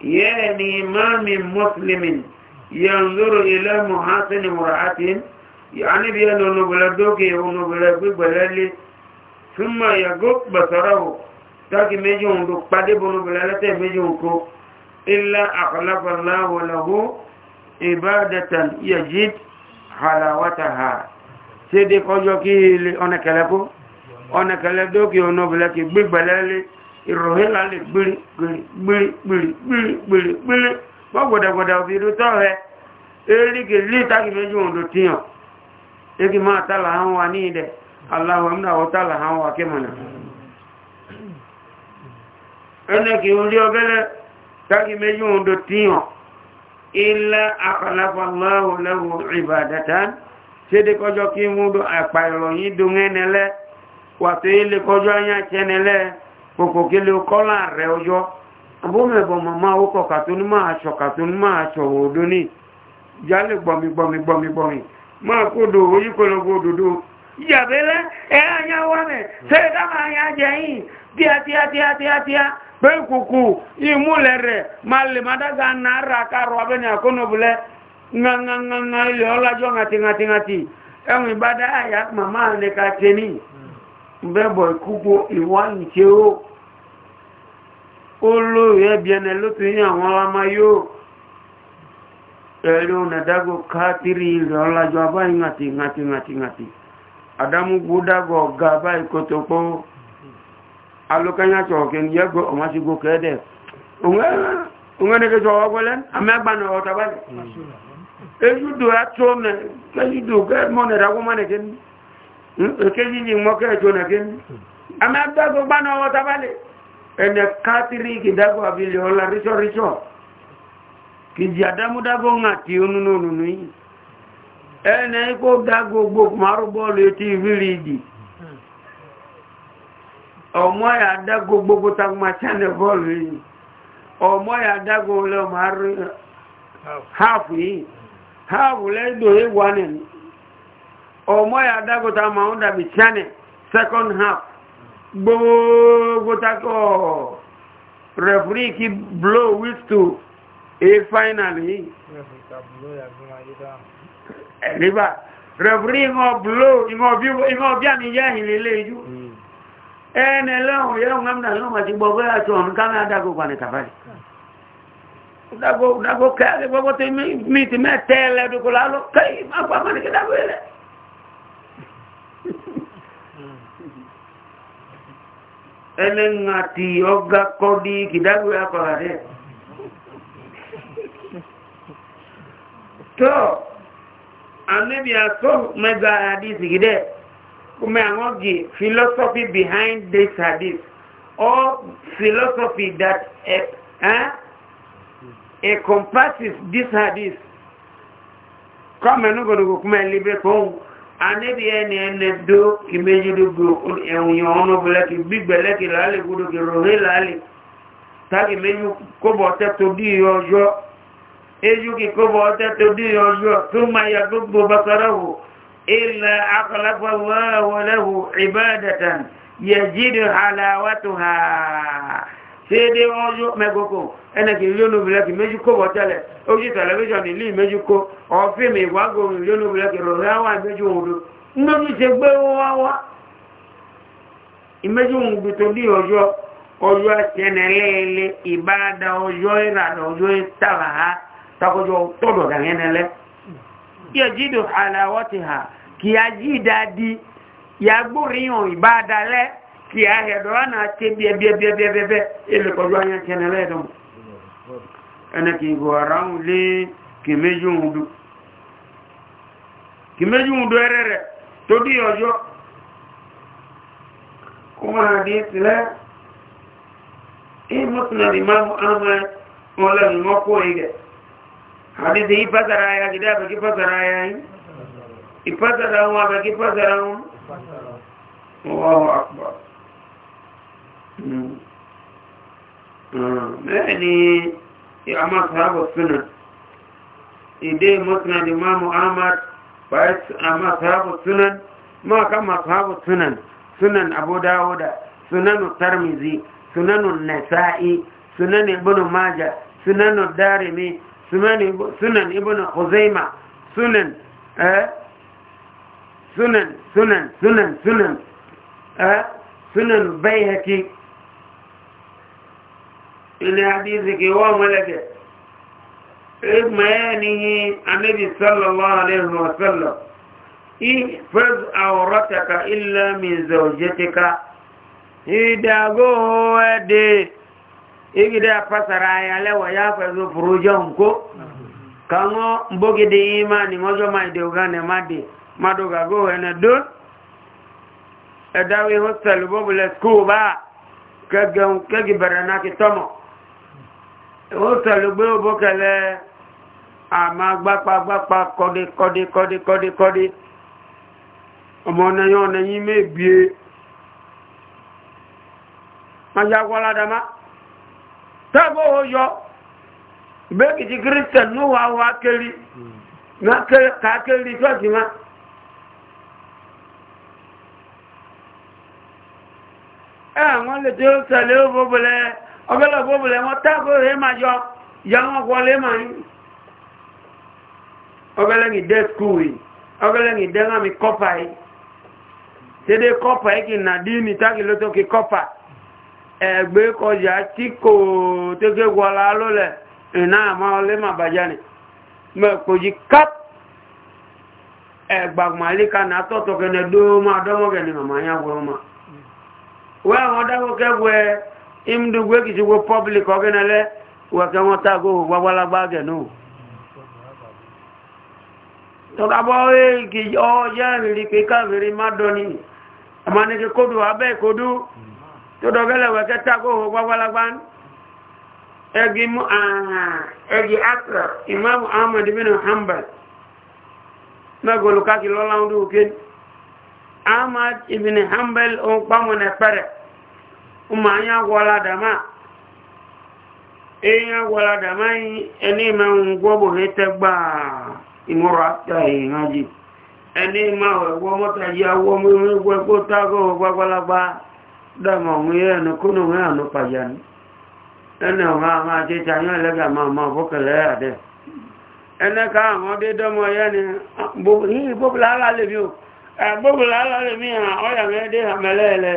yani ma min muslimin yanzuru ila muhasin imra'atin yani bi annu buladoke unu bulagbe balale thumma yaghub basarahu taki meji undu pade bunu bulalate meji unko illa akhlafa Allahu lahu ibadatan ọ̀nà kẹlẹ̀ dókè ọ̀nà obìnrin kì gbígbẹ̀lẹ́lẹ́ ìròhìnlá lè gbìrì gbìrì gbìrì gbìrì gbìrì gbìrì mọ́ gbọ̀dọ̀gbọ̀dọ̀ òfin ìlú tọ́ rẹ̀ eríkè lítàkì méjì òǹdò tíyàn èkì máa tààlà àwọn wa ní ilẹ̀ aláwọ̀mdáwọ̀ tààlà àwọn wa kémọ̀nà ẹnẹ́kì orí ọgẹ́lẹ́ tàkì méjì òǹdò tíyàn ilẹ̀ wàtí ilé kọjú anyi akyẹnì lẹ kókó kele kọlá rẹ ọjọ abomi ẹbọ mama wọkọ katonu ma atsọ katonu ma atsọ wòdoni jalè gbọmi gbọmi gbọmi gbọmi má kó do oyi kọlọ kó dodo. ìyàbẹ lẹ ẹ anya wá mẹ ṣe é dáhùn anya jẹ yín tíá tíá tíá tíá tíá pé kùkù imú lẹ rẹ má lè má dága nàrà kárọ abẹni àkónobulẹ ŋaŋaŋaŋa ilé ọlọjọ ŋàtìŋàtìŋàtì ẹwìn bá dá àyà mama ni ká tẹ ní. bẹ́bọ̀ ìkúgbò ìwáyìn tí ó ó lórí ẹbí ẹnẹ ló tún ní àwọn ọlọ́mọ yóò ẹ̀rí ònàdágò káàkiri ilẹ̀ ọlájọ abáyìnàtì ìrìnàtì ìrìnàtì ìrìnàtì ìrìnàtì kéyi ni mo kéré jona kéni amé abdo ko bano wa tabale ene katri ki dago abili hola richo richo ki jada mu dago ngati ununu nunu yi ene ko dago gbok maru bolu ti vilidi o mo ya dago gbok tang ma chane bolu yi o mo ya dago lo maru hafu yi hafu le do e wanen ọmọ ya dágọta ma ń dàbí channel second half gbogbo takọ referee kí blow whistle a final yìí ẹ̀lẹ́bà referee ìwọ̀n blow ìwọ̀n bí àníyẹ́ ìlélẹ́ ijú ẹni ẹlẹ́hùn yẹ́hùn gámìnà lọ́wọ́ ti gbogbo ẹ̀tọ́ ọ̀nà kámẹ́ dágọ pa ní kàfàrí dágọ kẹ́ gbogbo tí mi ti mẹ́ tẹ́ ẹlẹ́dùkú lálọ́ kẹ́ ìmọ̀ àpamọ́ ní kí dágọ ilẹ̀ ẹni ń àti ọgá kọ́ dí kìdágbé akọ̀lá dẹ̀ tó àmìbí àtọ́ mẹ́gbà hadith gidẹ̀ kúmẹ́ àwọn gì philosophy behind this hadith or philosophy that eh, eh, encompasses this hadith kọ́ mẹ́nu gbọdọ̀gbọ̀ kúmẹ́ libre kóhùn anibi ẹni ẹlẹ dó kí méjì dúgbò ẹ̀wùnyàn ọ̀nà bẹ̀lẹ́kì gbígbẹ̀lẹ́kì láàlẹ̀ gbódòkè rọ̀rẹ́ láàlẹ̀ tàbí méjì kóbọ̀ tẹ́tò dí ọjọ́ ejú kí kóbọ̀ tẹ́tò dí ọjọ́ tó máa ya gbogbo basarahu ilẹ̀ akọlẹ́fọwọ́wọ́lẹ́hu ìbáadẹ̀tàn yẹ jídù halawatuha sédé wọn yóò mẹ́gbogbo ẹnẹ̀kì mílíọ̀nù bìlẹ́kì méjì kó bọ̀ tẹ́lẹ̀ ojú tẹlifíṣàn ìlú méjì kó ọ̀fíìmù ìwágò mílíọ̀nù bìlẹ́kì rọ̀rẹ́ àwọn ìméjì òwúrò ńlọ́dún ṣe gbé wọ́n wá ìméjì òwúrò tó ní ọjọ́ ọjọ́ ẹ̀ṣẹ̀nẹ̀lẹ́ẹ̀lẹ́ ìbáadà ọjọ́ ìrànà ọjọ́ ìtàlàhá kì á hẹ̀dọ̀ á náà tẹ́ bí ẹbí ẹbí ẹbí ẹbí ẹbí ilẹ̀ pẹ̀lú ayẹ́ kẹ́nà lẹ́ẹ̀dùn ẹni kì í gò ara ń lé kìméjì òǹdó kìméjì òǹdó ẹrẹ rẹ̀ tó dí ọjọ́ kó máa dé tilẹ̀ المسند إمام أحمد ولا المقوى إيه حديث يفسر آية كده بكي فسر آية يفسر هو بكي bẹ́ẹ̀ ni ìhámà sáàbọ̀ súnà ìdé mọ́sánàdì máàmù ahmad báyìí àmà sáàbọ̀ súnà máa ká máa sáàbọ̀ súnà súnà abúdáwọ́dà súnánù tarmizi súnánù nasa'i súnánù ibùnù májà súnánù dárimi súnánù ibùnù khuzaima súnánù sunan eh? sunan sunan sunan sunan eh? bayhaki ilé àdíṣìkì wọ́n mọ́lẹ́kẹ̀ ẹgbẹ̀ẹ́ ni anẹ́bì sallallahu alaihi wasallam ifẹ́z àwọ̀rọ̀tẹ̀ka ilẹ̀ mìíze òjẹ́tẹ́ka ìdàgó ẹ̀dẹ́ igidẹ́ pàtàrà ayalẹ́wọ̀ ya fẹ́zọ fúrújọ nkó kanwọ́ mbógidẹ́ ima ni mọ́jọ́ ma ìdẹ̀ ogánẹ̀ má dẹ̀ madogago ẹ̀nà dún ẹ̀dáwí hostel bọ́bulẹ̀ skúl bá kẹgbẹ̀rẹ̀ náà kí tọ́mọ̀ ó tẹ̀lú gbé ó bókẹ̀lẹ́ àmà gbápagbápa kọ́dé kọ́dé kọ́dé kọ́dé kọ́dé ọmọ ọ̀nẹ́yìn ọ̀nẹ́yìn mébìé majagbọ́ládàmá tẹ́bọ̀ ó yọ ìbẹ́kìtì kírísítẹ̀n ní wà wá kéré káàkiri ṣọ́ọ̀tì má ẹ̀ àwọn lè ó ọgbẹ́lẹ̀ gbogbo wọn tágbò rẹ̀ máa yọ yàwọn wọlé máa ń ọgbẹ́lẹ̀ ní dẹ́ skúwì ọgbẹ́lẹ̀ ní dẹ́ rámi kọ́pà yìí dédé kọ́pà yìí kì nà dí ní tágì ló tó kí kọ́pà ẹgbẹ́ kọjá tí kò tégé wọlá lólẹ̀ ìná àmọ́ ọlé ni mẹ́kòjì káp ẹgbàgbàlíkà náà tọ́tọ̀ kẹ́ imdu gwe kisi wo public ogenele wa ke won ta go wa wala gba ge nu to ka bo e ki madoni amane ke kodu abe kodu to do gele wa ta go wa wala egi mu aha egi akra imam ahmad bin hanbal na golu ka ki lola ndu ken ahmad ibn hanbal on pamone ụmụ anyị agwọla adama eyi agwọla adama anyị ẹni ngwọ bụ hete gbaa ìmọ̀rọ̀ àtàyè ha ẹni ma ẹ̀wọ́ mọ́ta yí awọ́ mẹ́rin gbogbo tágọ́ gbagbalagbá dàmọ̀ ọ̀hún yẹ́ ẹnu kúnnù ni ọ ya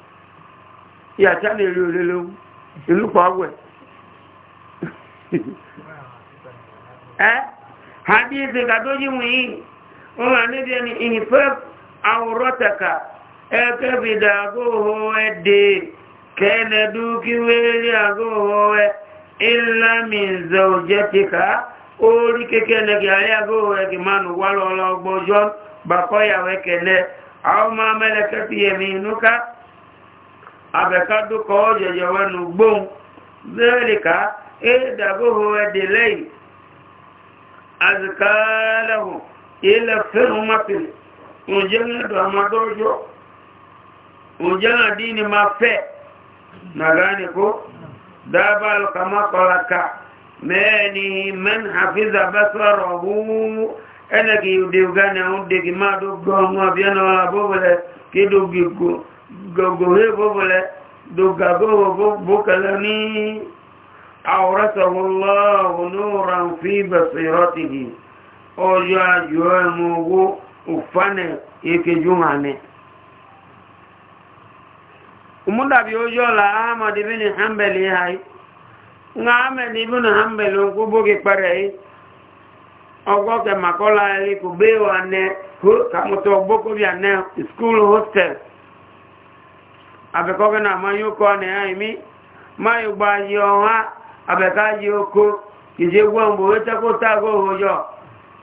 ìyàtí a lè rí orí lówó ìlú pàwẹ̀ [LAUGHS] ẹ́ hadithi gàdó yìí mú yìí wọ́n wà níbi ẹni ìfẹ́ àwòrọ́tẹ̀ka ẹ̀kẹ́ bìdà agóhó ẹ̀ dé kẹ́nẹ̀dú kí wérí agóhó ẹ̀ ìlàmì zọ̀jẹ́tìka orí kékeré nẹ̀kì àrí agóhó ẹ̀ kì máa nù wá lọ́lọ́gbọ́jọ́ bàkọ́yàwó ẹ̀kẹ́ lẹ́ àwọn máa mẹ́lẹ̀kẹ́ fi inú ká abẹ̀kádókọ̀ ọjọ̀jọ̀ wẹnu gbóhun zẹ́ẹ̀lìká éèdàgbóhò ẹ̀dẹ̀ lẹ́yìn azìkáàlẹ̀hùn ilẹ̀ fẹ́rún mápìlì òjẹ́ ẹ̀dọ̀ àmàdọ́jọ́ òjẹ́ àdí ni máa fẹ́ nàgánìkó dábàlù kàmá kọlaka mẹ́ẹ̀ni mẹ́n àfíìsà bẹ́ sọ̀rọ̀ wúwú ẹnẹ́kì ìdíwgánẹ̀ ń dèkì máa dógbọ́ ọmọ àbíẹ́nà ọ̀làbọ́bẹ̀rẹ̀ kí dógbìgbò gògòrò ìbòbòlẹ̀ dògàgòrò bókẹlẹ̀ ní àwọ̀rẹ́sọ̀wọ́lọ́wọ́ nóòrà ń fi bẹ̀sẹ̀ rọ́tìdì ọjọ́ àjò ẹmọ owó òfánẹ̀ èkèjú hànẹ̀ múdàbí ojú ahmad ibn hambeli nga ahmed hostel abẹ́kọ́gẹ́ náà ma yóò kọ́ ní àìmí ma yóò gba yí ọ̀há abẹ́ká yí oko ìṣe gbọ́nbò ó tẹ́kó tágó òjò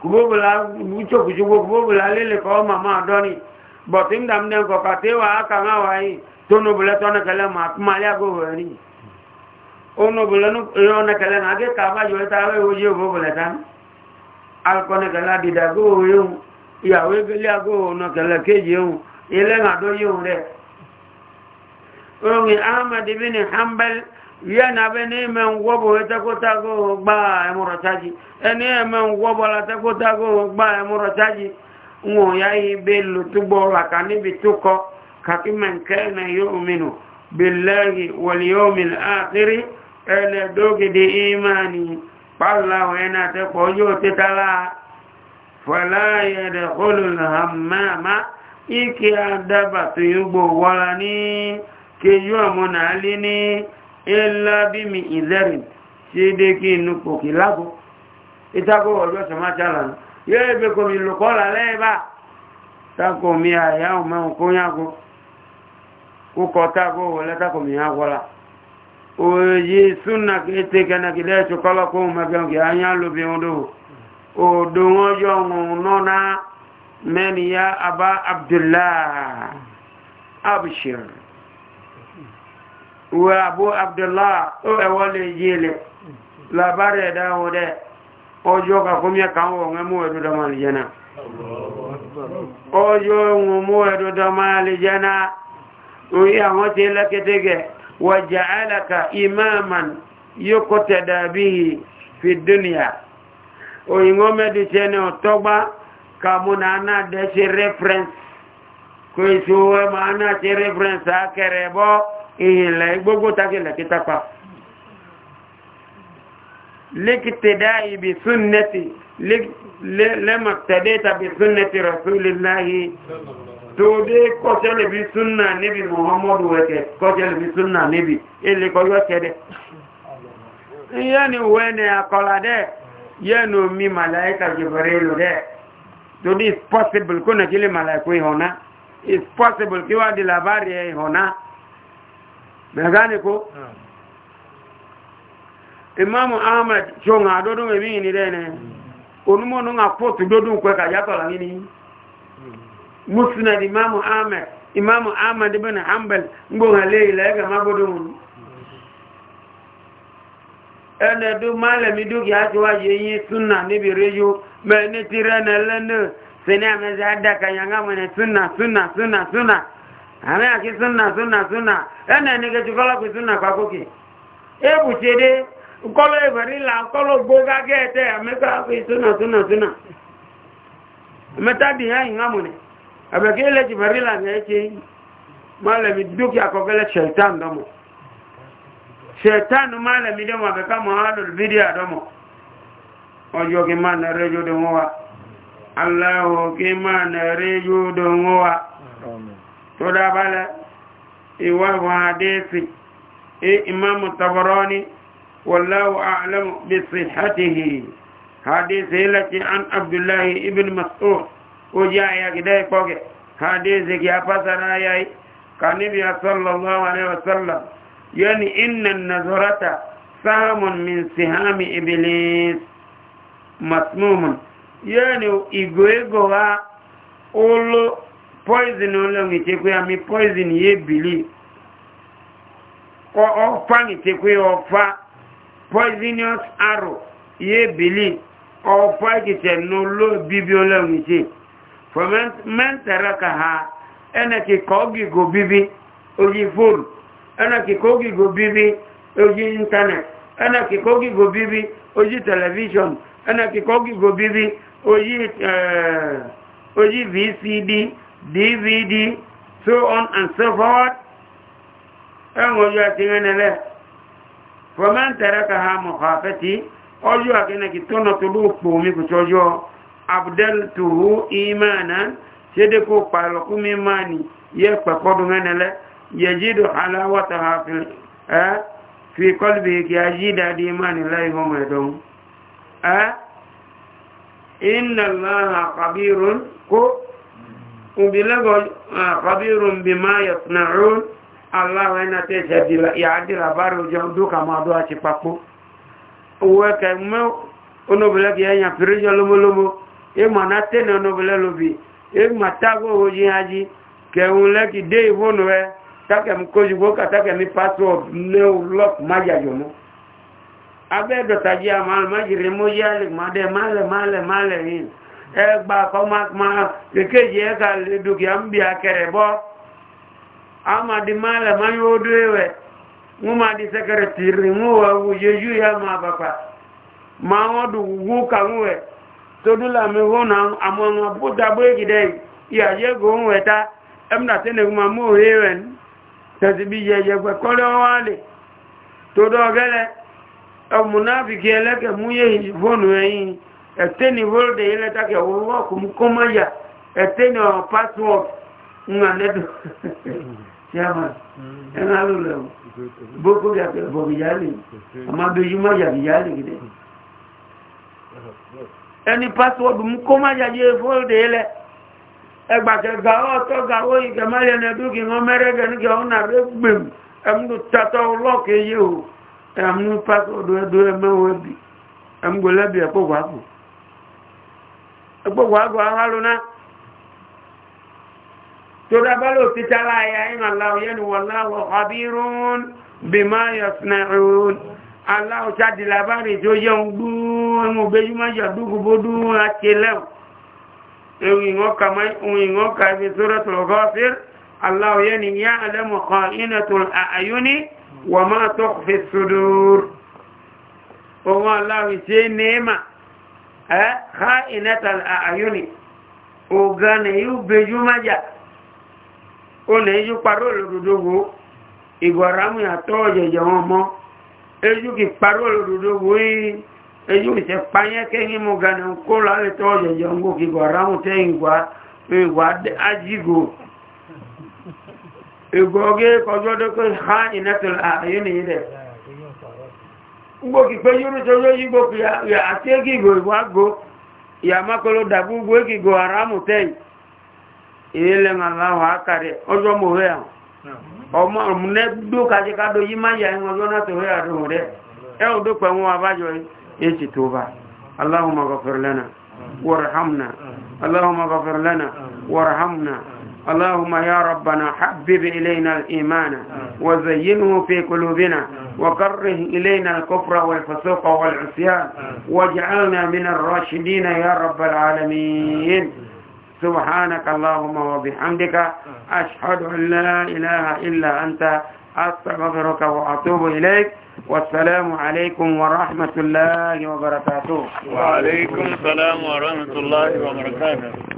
kùbóbùlá wúchòkùchùgbò kùbóbùlá lélẹ̀ kọ́ màmá àdọ́ni bọ̀tí ń dàmdẹ́ kọ̀kà tí wà á kàmá wà yìí tó nobulẹ̀ tọ́nàkẹ́lẹ́ mà kúmálẹ́ àgóhò ẹ̀rí ó nobulẹ̀ lọ́nàkẹ́lẹ́ náà gé kàbá yọ ẹta awé ojú òbóbùlẹ̀ tán rẹ̀ orin ahmad ibn hanbal yana bẹ ní ẹmẹ ń wọ́bọ̀ ẹtẹ́kótágó gbá ẹmọ́rọ̀ tájì ẹni ẹmẹ ń wọ́bọ̀ látẹ́kótágó gbá ẹmọ́rọ̀ tájì wọn ya na yóò mìnú bílẹ́hì wọ̀lì yóò mìnú àkírí ẹlẹ́ dógidi ìmáni pàláwọ̀ ẹ̀nà àtẹ́kọ̀ yóò kejú àmọ́nà alé ní ẹlá bí mi ìlẹ́rìn tí é dé kí inú pòkì lágbó ìtakò ọjọ́ sọmájálà yóò ẹgbẹ́ kò mi lòkọ́lá lẹ́ẹ̀bá takò mi àyà ọmọ kó yàgò kókọ takò wọlé takò mi yàgọ́lá òye súnà kéte kẹnàkì lẹ́ẹ̀tù wa abu abdullah o ẹwọ lè yé lẹ labari ẹ̀dá o dẹ ọjọ́ ka kó miẹ kan wọ ẹ mú ẹdún dama alìjẹna ọjọ́ ń mú ẹdún dama alìjẹna orí àwọn tí lẹ́kẹ́tẹ́gẹ̀ wà jẹ́ alaka imaman yóò kó tẹ̀dà bí i fi dúnìyà òyìnbó mẹ́dù tẹ́ ní ọ̀tọ́gbá kàmúnà náà dẹ́ sí rẹ́fẹ́rẹ́nsì kò ìṣòwò máa náà sí rẹ́fẹ́rẹ́nsì akẹrẹ bọ́ ìhìnlẹ̀ gbogbo takilẹ̀ kitapa likitidai bi sunnati lẹ́mà tẹ̀dẹ́ta bi sunnati rasulillahi tó dé kọ́sẹ́lẹ̀ bi sunna níbi muhammadu wẹ́kẹ́ kọ́sẹ́lẹ̀ bi sunna níbi ilẹ̀ kọ́yọ́ kẹ́dẹ́ yẹnu wẹ́ni akọ́la dẹ́ yẹnu mi màláíkà jìbìrìlù dẹ́ tó dé it's possible kó nàkílẹ̀ màláíkà possible kí wá di làbárí ìhọ̀ná na gane ko imamu ahmed ṣonga adọ́dún èmì ìní rẹ̀nẹ̀ onímọ̀nà àpọ̀tù dọ́dún pẹ̀kà yàtọ̀ láwíní musnad imamu ahmed imamu ahmed bin hanbal gbọ́nàlẹ́ ilẹ̀ ẹgbẹ̀ magbọ́dún ẹnẹ̀dún málẹ̀mí dúkìá ti wá yẹ yí súnà níbi réyó mẹ́ni ti rẹ̀nẹ̀ àmì àti súnà súnà súnà ẹnà ẹnìkejì fọ́lọ́pì súnà pàkókè ébù ṣe dé kọ́lọ́ ìbẹ̀rìlà kọ́lọ́ gbógá gẹ́ẹ̀tẹ́ àmẹ́kọ́ àfi súnà súnà súnà mẹ́tàdì ẹ̀yìn hàmùnẹ̀ àbẹ̀kí ilẹ̀ jìbẹ̀rìlà ní ẹ̀ṣẹ́ mọ́lẹ̀mí dúkìá kọfẹ́lẹ̀ ṣẹ̀tàn dọ́mọ̀ ṣẹ̀tàn mọ́lẹ̀mí dẹ́mọ̀ àbẹ̀ká mọ́hálùl bídíà dọ́mọ̀ ọjọ́ kí máa nà rẹ́jọ́ dọ́mọ́ wa aláwọ̀ kí máa nà rẹ́jọ́ dọ́mọ́ wa tó dábálẹ̀ ìwà wọn àdéfì e imam tabarani wallahu a'lamu bi sihhatihi hadisi lati an abdullahi ibn mas'ud o ja ya gidai koge hadisi ki afasara yayi kanibi sallallahu alaihi wasallam yani inna an-nazarata samun min sihami poison ọlọ́run ìtẹ́kwé àmì poison yé bìlì ọ̀pá ìtẹ́kwé ọ̀fá poisonous arrow yé bìlì ọ̀pá ìtẹ́ nù bíbí ọlọ́run ìtẹ́ fọmẹ́ntẹ̀rẹ́ ka ha ẹnà kì bíbí ojú fóònù ẹnà kì bíbí ojú íńtánẹ̀t ẹnà kì bíbí ojú television ẹnà kì bíbí vcd DVD, so on and so forth. Ẹ̀wọ̀n ojú àti ìrìnlẹ̀. Fọ́mẹ́n tẹ̀rẹ́kà ha mọ̀ fàfẹ́tí, ọjọ́ àkínàkì tó nà tó lóòpò mi kò tọ́jọ́ Abdeltuhu Imana, ṣe dé kó pàlọ̀kú mi máa nì yẹ pẹ̀kọ́dún mẹ́nẹ̀lẹ́, yẹ jídò aláwọ̀ta ha fi kọ́lùbì kí a yí dáadé Imani láì mọ́ mẹ́dọ́n. Ẹ́ inna Allah khabirun ko وبلغوا خبير بما يصنعون الله وانا تجد يعدل ina جندو كما دوا تشپاپو وكما onobele ke yanya pirijo lomolomo e mana tene onobele lobi e matago hoji haji ke unle ki de ivono e take mkoji boka take mi password ne lock maja jomo abe do taji amal majire moja le made male male male hin ẹgbà kọmọkọmọ kékèjì ẹka lè dùkìá ń bí akẹrẹ bọ́ amadi ma yóò dó ẹwẹ̀ mú ma di sẹkẹrẹtìrì mú wù yéjú ya ma bàbà ma wọ́n dù wú kàwú ẹ̀ tó dúlà mi hónà àmọ́ ọmọ búta bóyìí dẹ́ ìyàyé ta ẹmúdà mú ní bí lè ẹ̀tẹ́ni wọ́lọ́dẹ̀ yìí lẹ́tàkẹ̀ wọ́wọ́kù mú kọ́ mọ́ yà ẹ̀tẹ́ni ọ̀rọ̀ password ń ànẹ́dù chairman ẹ̀rọ alùlẹ̀ bókó bọ̀bì yálì àmàbẹ̀yí mọ́ yàbì yálì gidẹ̀ ẹni password mú kọ́ mọ́ yàyẹ wọ́lọ́dẹ̀ yìí lẹ ẹgbàtẹ̀ gàwọ́ tọ́ gàwọ́ ìgẹ̀mọ́lẹ̀ ẹ̀mú password ẹ̀dọ́ ẹ̀mẹ́wọ́ ẹ̀bì ẹ̀mú gbọ́lẹ́bì ẹ̀pọ̀ wàkùn gbogbo àgbà ahárúná tó dábálò ti tààrà àyà ìmà láwọ̀ yẹnu wọ̀n láwọ̀ àbírún bí máa yọ̀ snarun aláwọ̀ sáàdì labari tó yẹ ń gbú ẹmù gbéjúmọ́ yọ̀ dúgbòdú àti lẹ́wọ̀ ìwọ̀n kà ibi sórọ̀ tó gọ́fíìr aláwọ̀ yẹni yá alẹ́mù kan iná máa tó kha'inatal a'yuni ogane yu bejumaja one yu parolo dudugo igoramu ya toje jomo eju ki parolo dudugo yi eju se panye kengi mugane nkola le toje jongo ki goramu tengwa igwa ajigo igoge kojodo ko kha'inatal a'yuni gbogbo kìpé yúrùtọ́ yóò yí gbogbo yà àti égìgò ìwágbó ìyàmákọlọ dàbú gbogbo égìgò àrámù tẹ́yìn ilẹ̀ aláwọ̀ ákàrẹ̀ ọjọ́ mòwé àwọn ọmọ ọmọdé dó kàṣẹ kádó yí má yà ẹ̀wọ̀n lọ́nà tó rẹ̀ àdó rẹ̀ ẹ̀wọ̀n tó pẹ̀ abájọ yìí ti tó bá aláwọ̀ mọ̀gọ̀fẹ̀rẹ̀ lẹ́nà wọ̀rọ̀hámùnà aláwọ̀ mọ̀gọ̀fẹ̀rẹ̀ lẹ́nà wọ̀rọ̀hámùnà اللهم يا ربنا حبب إلينا الإيمان وزينه في قلوبنا وكره إلينا الكفر والفسوق والعصيان واجعلنا من الراشدين يا رب العالمين سبحانك اللهم وبحمدك أشهد أن لا إله إلا أنت أستغفرك وأتوب إليك والسلام عليكم ورحمة الله وبركاته وعليكم السلام ورحمة الله وبركاته